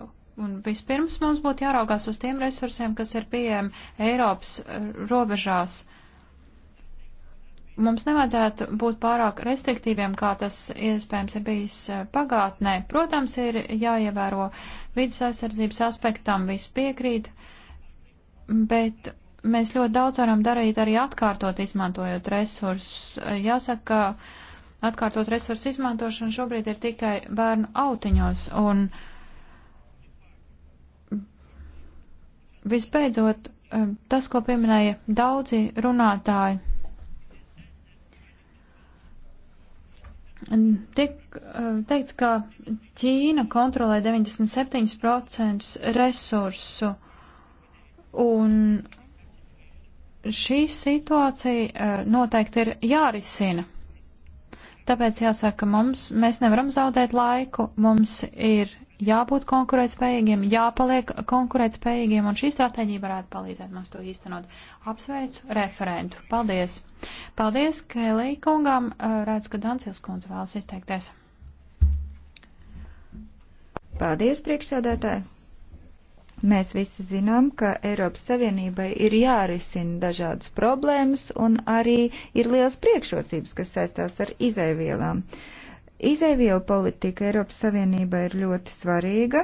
Un vispirms mums būtu jāraugās uz tiem resursiem, kas ir pieejami Eiropas eh, robežās. Mums nevajadzētu būt pārāk restriktīviem, kā tas iespējams ir bijis eh, pagātnē. Protams, ir jāievēro vidas aizsardzības aspektam, viss piekrīt, bet mēs ļoti daudz varam darīt arī atkārtot izmantojot resursus. Jāsaka, ka atkārtot resursu izmantošana šobrīd ir tikai bērnu autiņos. Un, uh, Visbeidzot, eh, tas, ko pieminēja daudzi runātāji, tiek eh, teikts, ka Ķīna kontrolē 97% resursu, un šī situācija eh, noteikti ir jārisina. Tāpēc jāsaka, mums, mēs nevaram zaudēt laiku, mums ir jābūt konkurētspējīgiem, jāpaliek konkurētspējīgiem, un šī stratēģija varētu palīdzēt mums to īstenot. Apsveicu referentu. Paldies! Paldies, Kēlī kungam. Redzu, ka Dancils kundze vēlas izteikties. Paldies, priekšsēdētāji! Mēs visi zinām, ka Eiropas Savienībai ir jārisina dažādas problēmas un arī ir liels priekšrocības, kas saistās ar izēvielām. Uh, Izēvielu politika Eiropas Savienībā ir ļoti svarīga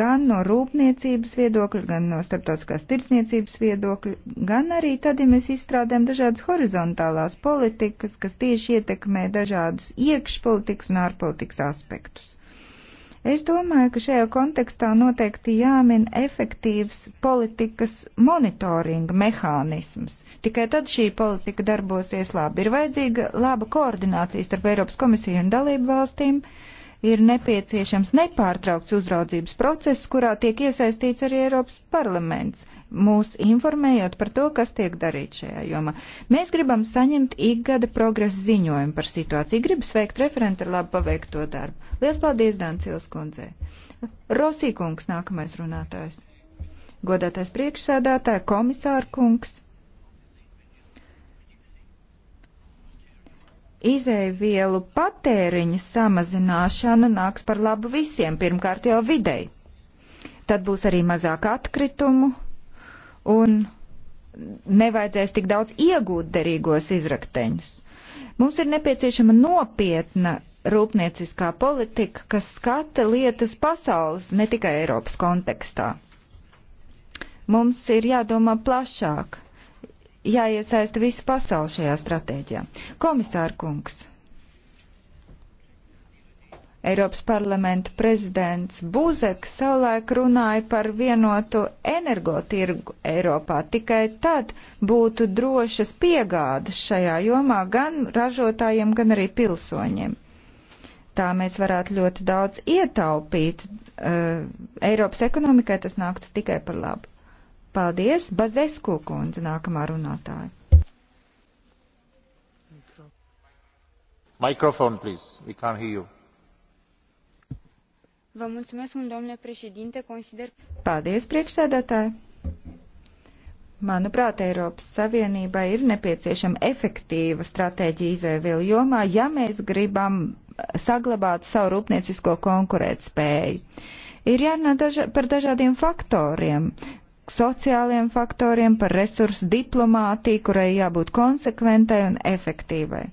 gan no rūpniecības viedokļa, gan no starptautiskās tirsniecības viedokļa, gan arī tad, ja mēs izstrādājam dažādas horizontālās politikas, kas tieši ietekmē dažādus iekšpolitikas un ārpolitikas aspektus. Es domāju, ka šajā kontekstā noteikti jāmin efektīvs politikas monitoringa mehānisms. Tikai tad šī politika darbosies labi. Ir vajadzīga laba koordinācija starp Eiropas komisiju un dalību valstīm. Ir nepieciešams nepārtraukts uzraudzības process, kurā tiek iesaistīts arī Eiropas parlaments mūs informējot par to, kas tiek darīts šajā jomā. Mēs gribam saņemt ikgada progresa ziņojumu par situāciju. Gribu sveikt referentu ar labu paveikto darbu. Lielas paldies, Dāncils kundzei. Rosī kungs nākamais runātājs. Godātais priekšsēdētāja, komisāra kungs. izēvielu patēriņa samazināšana nāks par labu visiem, pirmkārt jau videi. Tad būs arī mazāk atkritumu, un nevajadzēs tik daudz iegūt derīgos izrakteņus. Mums ir nepieciešama nopietna rūpnieciskā politika, kas skata lietas pasaules, ne tikai Eiropas kontekstā. Mums ir jādomā plašāk, jāiesaista visa pasaule šajā stratēģijā. Komisāra kungs! Eiropas parlamenta prezidents Buzeks savulaik runāja par vienotu energotirgu Eiropā. Tikai tad būtu drošas piegādes šajā jomā gan ražotājiem, gan arī pilsoņiem. Tā mēs varētu ļoti daudz ietaupīt. Uh, Eiropas ekonomikai tas nāktu tikai par labu. Paldies, Bazesku kundze, nākamā runātāja. Microphone, please. We can't hear you. Vă mulțumesc mult, domnule președinte. Consider... Paldies, priekšsēdētāji! Manuprāt, Eiropas Savienībai ir nepieciešama efektīva stratēģija izēvielu jomā, ja mēs gribam saglabāt savu rūpniecisko konkurētspēju. Ir jārunā daža, par dažādiem faktoriem, sociāliem faktoriem, par resursu diplomātiju, kurai jābūt konsekventai un efektīvai.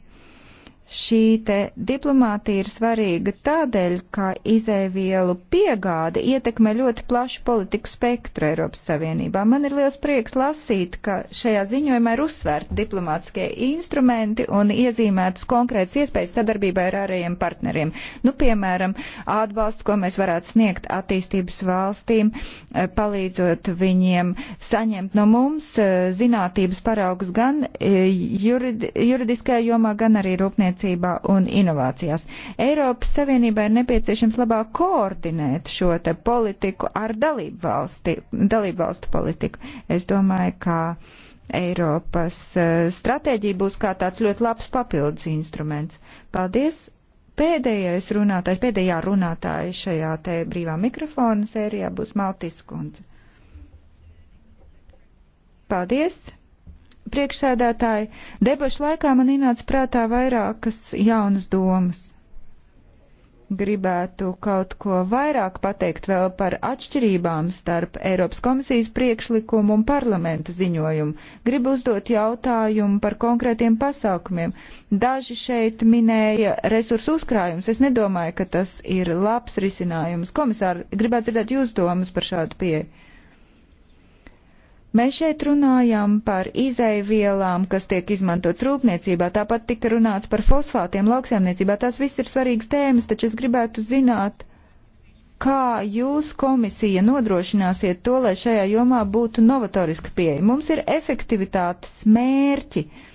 Šī te diplomātija ir svarīga tādēļ, ka izēvielu piegāde ietekmē ļoti plašu politiku spektru Eiropas Savienībā. Man ir liels prieks lasīt, ka šajā ziņojumā ir uzsvērti diplomātskie instrumenti un iezīmētas konkrētas iespējas sadarbībai ar ārējiem partneriem. Nu, piemēram, atbalstu, ko mēs varētu sniegt attīstības valstīm, eh, palīdzot viņiem saņemt no mums eh, zinātības paraugus gan eh, juridi, juridiskajā jomā, gan arī rūpniecībā pētniecībā un inovācijās. Eiropas Savienībā ir nepieciešams labāk koordinēt šo te politiku ar dalību, valsti, dalību valstu politiku. Es domāju, ka Eiropas eh, stratēģija būs kā tāds ļoti labs papildus instruments. Paldies! Pēdējais runātājs, pēdējā runātāja šajā te brīvā mikrofona sērijā būs Maltis Kundze. Paldies! priekšsēdētāji, debašu laikā man ienāca prātā vairākas jaunas domas. Gribētu kaut ko vairāk pateikt vēl par atšķirībām starp Eiropas komisijas priekšlikumu un parlamenta ziņojumu. Gribu uzdot jautājumu par konkrētiem pasākumiem. Daži šeit minēja resursu uzkrājumus. Es nedomāju, ka tas ir labs risinājums. Komisāri, gribētu dzirdēt jūs domas par šādu pieeju. Mēs šeit runājam par izaivielām, kas tiek izmantots rūpniecībā, tāpat tika runāts par fosfātiem lauksaimniecībā. Tās viss ir svarīgas tēmas, taču es gribētu zināt, kā jūs komisija nodrošināsiet to, lai šajā jomā būtu novatoriska pieeja. Mums ir efektivitātes mērķi. Uh,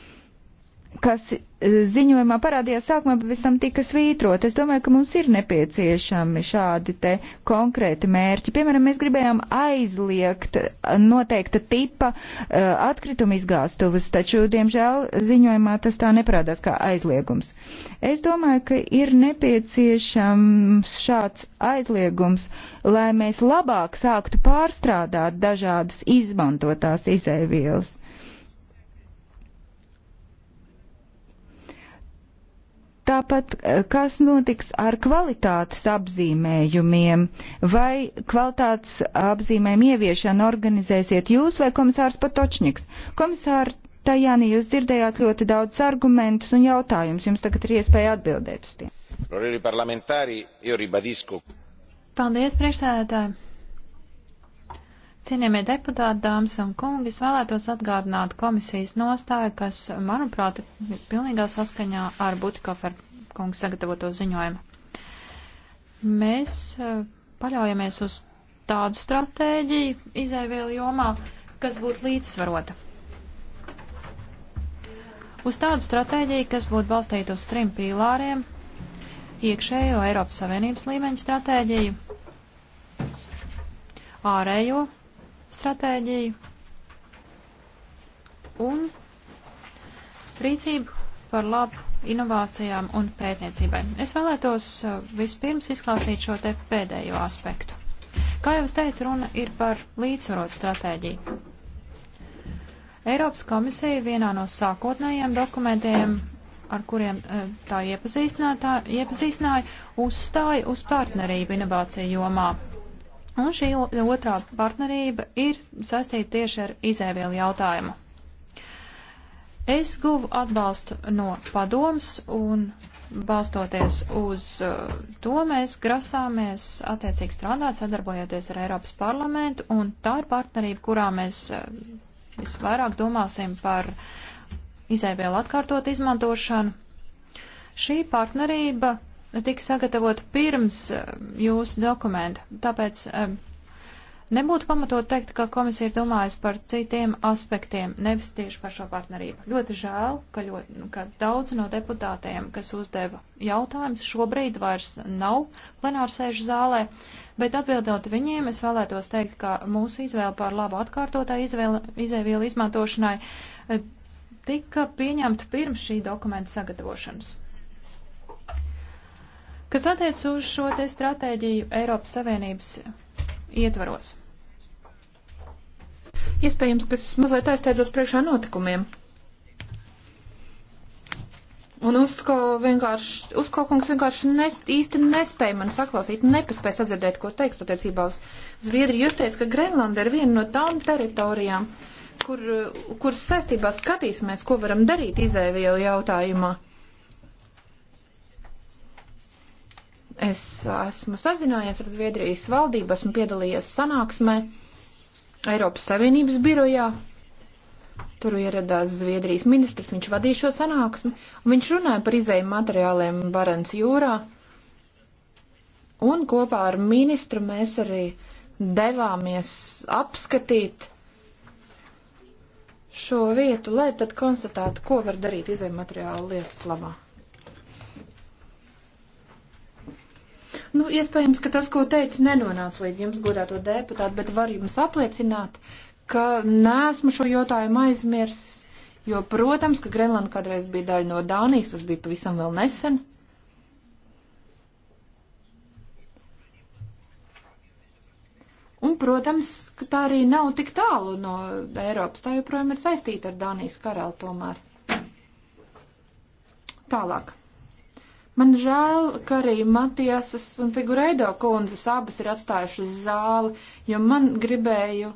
kas e, ziņojumā parādījās sākumā, pēc tam tika svītrot. Es domāju, ka mums ir nepieciešami šādi te konkrēti mērķi. Piemēram, mēs gribējām aizliegt noteikta tipa e, atkritumu izgāstuvus, taču, diemžēl, ziņojumā tas tā neparādās kā aizliegums. Es domāju, ka ir nepieciešams šāds aizliegums, lai mēs labāk sāktu pārstrādāt dažādas izmantotās izēvielas Tāpat, eh, kas notiks ar kvalitātes apzīmējumiem? Vai kvalitātes apzīmējumu ieviešanu organizēsiet jūs vai komisārs Patočņiks? Komisār Tajāni, jūs dzirdējāt ļoti daudz argumentus un jautājumus. Jums tagad ir iespēja atbildēt uz tiem. Paldies, priekšsēdētāji! Cienījamie deputāti, dāmas un kungi, es vēlētos atgādināt komisijas nostāju, kas, manuprāt, ir pilnīgā saskaņā ar Butikofer kungu sagatavoto ziņojumu. Mēs eh, paļaujamies uz tādu stratēģiju izēvielu jomā, kas būtu līdzsvarota. Uz tādu stratēģiju, kas būtu balstīta uz trim pīlāriem - iekšējo Eiropas Savienības līmeņa stratēģiju, ārējo stratēģiju un rīcību par labu inovācijām un pētniecībai. Es vēlētos uh, vispirms izklāstīt šo te pēdējo aspektu. Kā jau es teicu, runa ir par līdzsvarotu stratēģiju. Eiropas komisija vienā no sākotnējiem dokumentiem, ar kuriem uh, tā iepazīstināja, uzstāja uz partnerību inovāciju jomā Un šī otrā partnerība ir saistīta tieši ar izēvielu jautājumu. Es guvu atbalstu no padoms un balstoties uz uh, to mēs grasāmies attiecīgi strādāt, sadarbojoties ar Eiropas parlamentu, un tā ir partnerība, kurā mēs uh, visvairāk domāsim par izēvielu atkārtot izmantošanu. Šī partnerība tika sagatavota pirms eh, jūsu dokumenta, tāpēc eh, nebūtu pamatot teikt, ka komisija ir domājusi par citiem aspektiem, nevis tieši par šo partnerību. Ļoti žēl, ka, ļoti, nu, ka daudz no deputātiem, kas uzdeva jautājumus, šobrīd vairs nav plenārsēžu zālē, bet atbildot viņiem, es vēlētos teikt, ka mūsu izvēle par labu atkārtotā izēvielu izmantošanai eh, tika pieņemta pirms šī dokumenta sagatavošanas. Kas attiec uz šo te stratēģiju Eiropas Savienības ietvaros? Iespējams, ka es mazliet aizsteidzos priekšā notikumiem. Un Usko vienkārši, Usko kungs vienkārši nes, īsti nespēja man saklausīt, nepaspēja sadzirdēt, ko teiks attiecībā uz Zviedriju. Jūs teicat, ka Grenlanda ir viena no tām teritorijām, kur, kuras saistībā skatīsimies, ko varam darīt izēvielu jautājumā. Es esmu sazinājies ar Zviedrijas valdību, esmu piedalījies sanāksmē Eiropas Savienības birojā. Tur ieradās Zviedrijas ministrs, viņš vadīja šo sanāksmi, un viņš runāja par izēju materiāliem Barents jūrā. Un kopā ar ministru mēs arī devāmies apskatīt šo vietu, lai tad konstatētu, ko var darīt izēju materiālu lietas labā. Nu, iespējams, ka tas, ko teicu, nenonāca līdz jums, godāto deputātu, bet var jums apliecināt, ka nesmu šo jautājumu aizmirsis. Jo, protams, ka Grenlanda kādreiz bija daļa no Dānijas, tas bija pavisam vēl nesen. Un, protams, ka tā arī nav tik tālu no Eiropas. Tā joprojām ir saistīta ar Dānijas karali tomēr. Tālāk. Man žēl, ka arī Matiasas un Figureido kundzes abas ir atstājušas zāli, jo man gribēju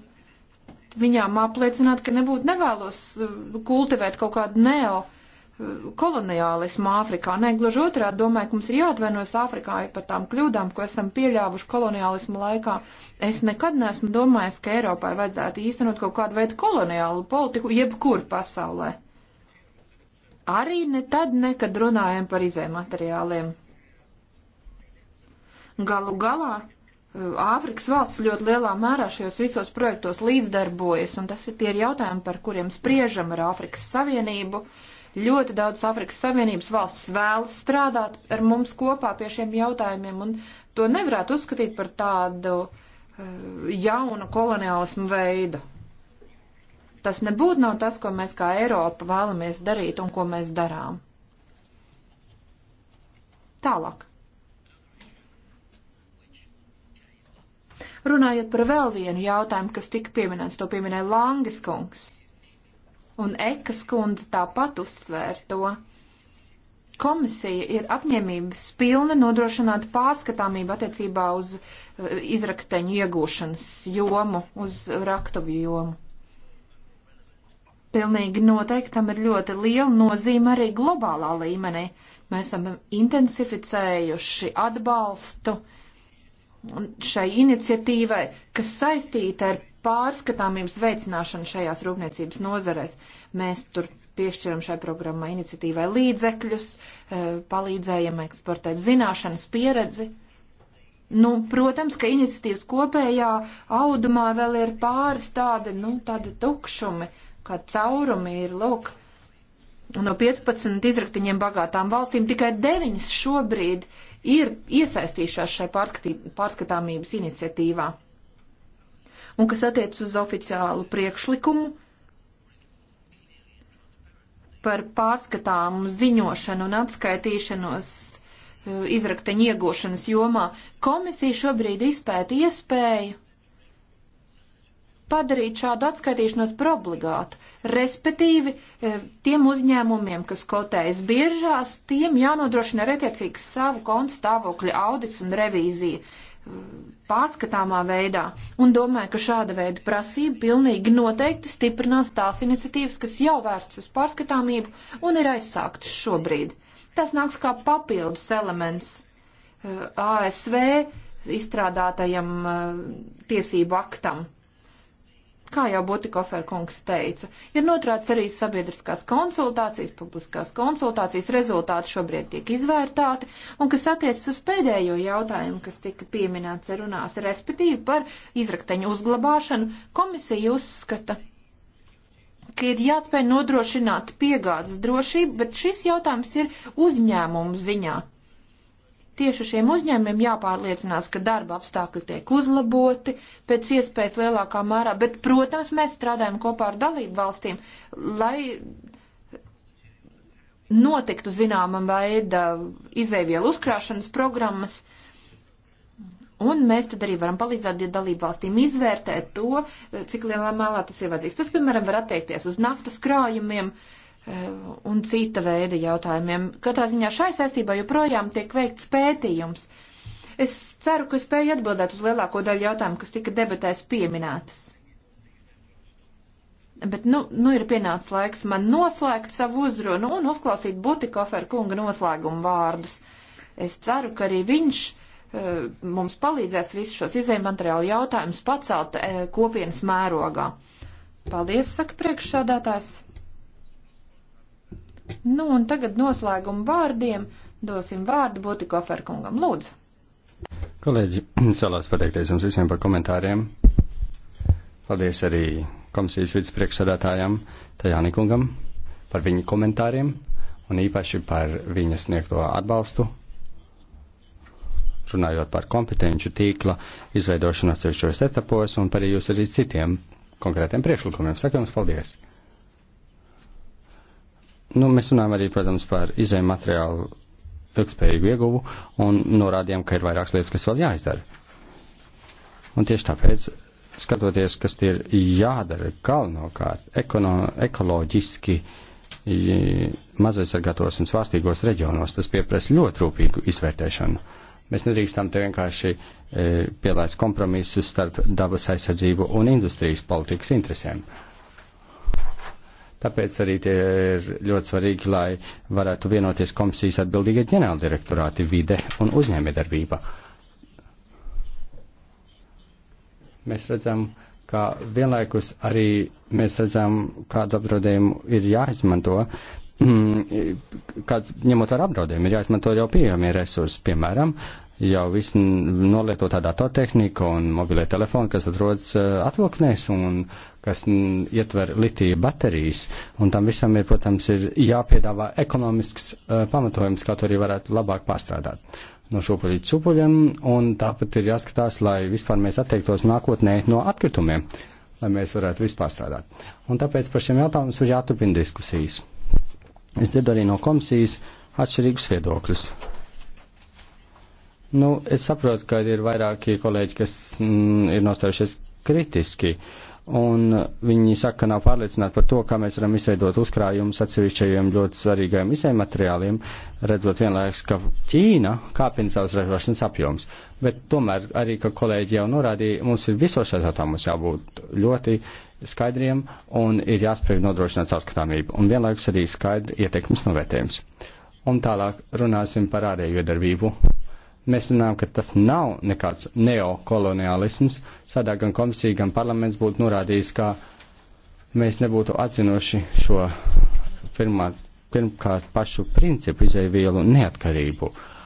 viņām apliecināt, ka nebūtu nevēlos uh, kultivēt kaut kādu neo uh, koloniālismu Āfrikā. Nē, gluži otrādi domāju, ka mums ir jāatvainojas Āfrikai par tām kļūdām, ko esam pieļāvuši koloniālismu laikā. Es nekad neesmu domājis, ka Eiropai vajadzētu īstenot kaut kādu veidu koloniālu politiku jebkur pasaulē. Arī ne tad, ne kad runājam par izējumateriāliem. Galu galā eh, Āfrikas valsts ļoti lielā mērā šajos visos projektos līdzdarbojas, un tas ir tie jautājumi, par kuriem spriežam ar Āfrikas Savienību. Ļoti daudz Āfrikas Savienības valsts vēlas strādāt ar mums kopā pie šiem jautājumiem, un to nevarētu uzskatīt par tādu uh, jaunu koloniālismu veidu. Tas nebūtu nav tas, ko mēs kā Eiropa vēlamies darīt un ko mēs darām. Tālāk. Runājot par vēl vienu jautājumu, kas tika pieminēts, to pieminēja Langas kungs. Un Ekas kundze tāpat uzsvēra to. Komisija ir apņēmības pilna nodrošināt pārskatāmību attiecībā uz eh, izrakteņu iegūšanas jomu, uz raktuvju jomu. Pilnīgi noteikti tam ir ļoti liela nozīme arī globālā līmenī. Mēs esam intensificējuši atbalstu šai iniciatīvai, kas saistīta ar pārskatāmības veicināšanu šajās rūpniecības nozarēs. Mēs tur piešķiram šai programmai iniciatīvai līdzekļus, eh, palīdzējam eksportēt zināšanas pieredzi. Nu, protams, ka iniciatīvas kopējā audumā vēl ir pāris tādi, nu, tādi tukšumi, kā caurumi ir, lūk, no 15 izraktiņiem bagātām valstīm tikai 9 šobrīd ir iesaistījušās šai pārskatāmības iniciatīvā. Un kas attiec uz oficiālu priekšlikumu par pārskatāmu ziņošanu un atskaitīšanos uh, izrakteņu iegūšanas jomā, komisija šobrīd izpēta iespēju padarīt šādu atskaitīšanos par obligātu. Respektīvi, e, tiem uzņēmumiem, kas kotējas biežās, tiem jānodrošina retiecīgs savu kontu stāvokļa audits un revīzija e, pārskatāmā veidā. Un domāju, ka šāda veida prasība pilnīgi noteikti stiprinās tās iniciatīvas, kas jau vērsts uz pārskatāmību un ir aizsāktas šobrīd. Tas nāks kā papildus elements e, ASV izstrādātajam tiesību aktam kā jau Butikofer kungs teica, ir noturēts arī sabiedriskās konsultācijas, publiskās konsultācijas rezultāti šobrīd tiek izvērtāti, un kas attiecas uz pēdējo jautājumu, kas tika pieminēts runās, respektīvi par izrakteņu uzglabāšanu, komisija uzskata ka ir jāspēj nodrošināt piegādes drošību, bet šis jautājums ir uzņēmumu ziņā. Tieši šiem uzņēmumiem jāpārliecinās, ka darba apstākļi tiek uzlaboti pēc iespējas lielākā mērā, bet, protams, mēs strādājam kopā ar dalību valstīm, lai notiktu zināma veida izēvielu uzkrāšanas programmas, Un mēs tad arī varam palīdzēt dalību valstīm izvērtēt to, cik lielā mēlā tas ir vajadzīgs. Tas, piemēram, var attiekties uz naftas krājumiem, uh, Eh, un cita veida jautājumiem. Katrā ziņā šai saistībā joprojām tiek veikts pētījums. Es ceru, ka spēju atbildēt uz lielāko daļu jautājumu, kas tika debatēs pieminētas. Bet, nu, nu ir pienācis laiks man noslēgt savu uzrunu un uzklausīt Butikoferu kunga noslēgumu vārdus. Es ceru, ka arī viņš eh, mums palīdzēs visus šos izējumateriālu jautājumus pacelt eh, kopienas mērogā. Paldies, saka priekšsādātājs. Nu, un tagad noslēguma vārdiem dosim vārdu Botikoferkungam. Lūdzu! Kolēģi, vēlās pateikties jums visiem par komentāriem. Paldies arī komisijas vicepriekšsādātājam Tajānikungam par viņu komentāriem un īpaši par viņa sniegto atbalstu runājot par kompetenci tīkla izveidošanu atsevišķos etapos un par jūs arī citiem konkrētiem priekšlikumiem. Saka jums paldies! Nu, mēs runājam arī, protams, par izējumu materiālu ilgspējīgu ieguvu un norādījām, ka ir vairākas lietas, kas vēl jāizdara. Un tieši tāpēc, skatoties, kas tie ir jādara galvenokārt ekono, ekoloģiski mazaisargātos un svārstīgos reģionos, tas pieprasa ļoti rūpīgu izvērtēšanu. Mēs nedrīkstam te vienkārši e, pielaist kompromisus starp dabas aizsardzību un industrijas politikas interesēm. Tāpēc arī tie ir ļoti svarīgi, lai varētu vienoties komisijas atbildīgie ģenerāldirektorāti vide un uzņēmējdarbība. Mēs redzam, ka vienlaikus arī mēs redzam, kādu apdraudējumu ir jāizmanto, kāds ņemot ar apdraudējumu ir jāizmanto jau pieejamie resursi, piemēram, jau visu nolietotā datortehnika un mobilie telefoni, kas atrodas eh, atvoknēs un uh, kas ietver litiju baterijas, un tam visam ir, protams, ir jāpiedāvā ekonomisks uh, pamatojums, kā to arī varētu labāk pārstrādāt no šūpuļa līdz šūpuļam, un tāpat ir jāskatās, lai vispār mēs atteiktos nākotnē no atkritumiem, lai mēs varētu vispār strādāt. Un tāpēc par šiem jautājumiem ir jāturpina diskusijas. Es dzirdu arī no komisijas atšķirīgus viedokļus. Nu, es saprotu, ka ir vairāki kolēģi, kas mm, ir nostājušies kritiski. Uh, un viņi saka, ka nav pārliecināti par to, kā mēs varam izveidot uzkrājumus atsevišķajiem ļoti svarīgajiem izējumateriāliem, redzot vienlaikus, ka Ķīna kāpina savus ražošanas apjoms. Bet tomēr arī, ka kolēģi jau norādīja, mums ir visos jautājumos jābūt ļoti skaidriem un ir jāspēj nodrošināt caurskatāmību un vienlaikus arī skaidri ietekmes novērtējums. Un tālāk runāsim par ārējo darbību Mēs runājam, ka tas nav nekāds neokoloniālisms. Sadā gan komisija, gan parlaments būtu norādījis, ka mēs nebūtu atzinuši šo pirmā, pirmkārt pašu principu izēvielu neatkarību. Uh,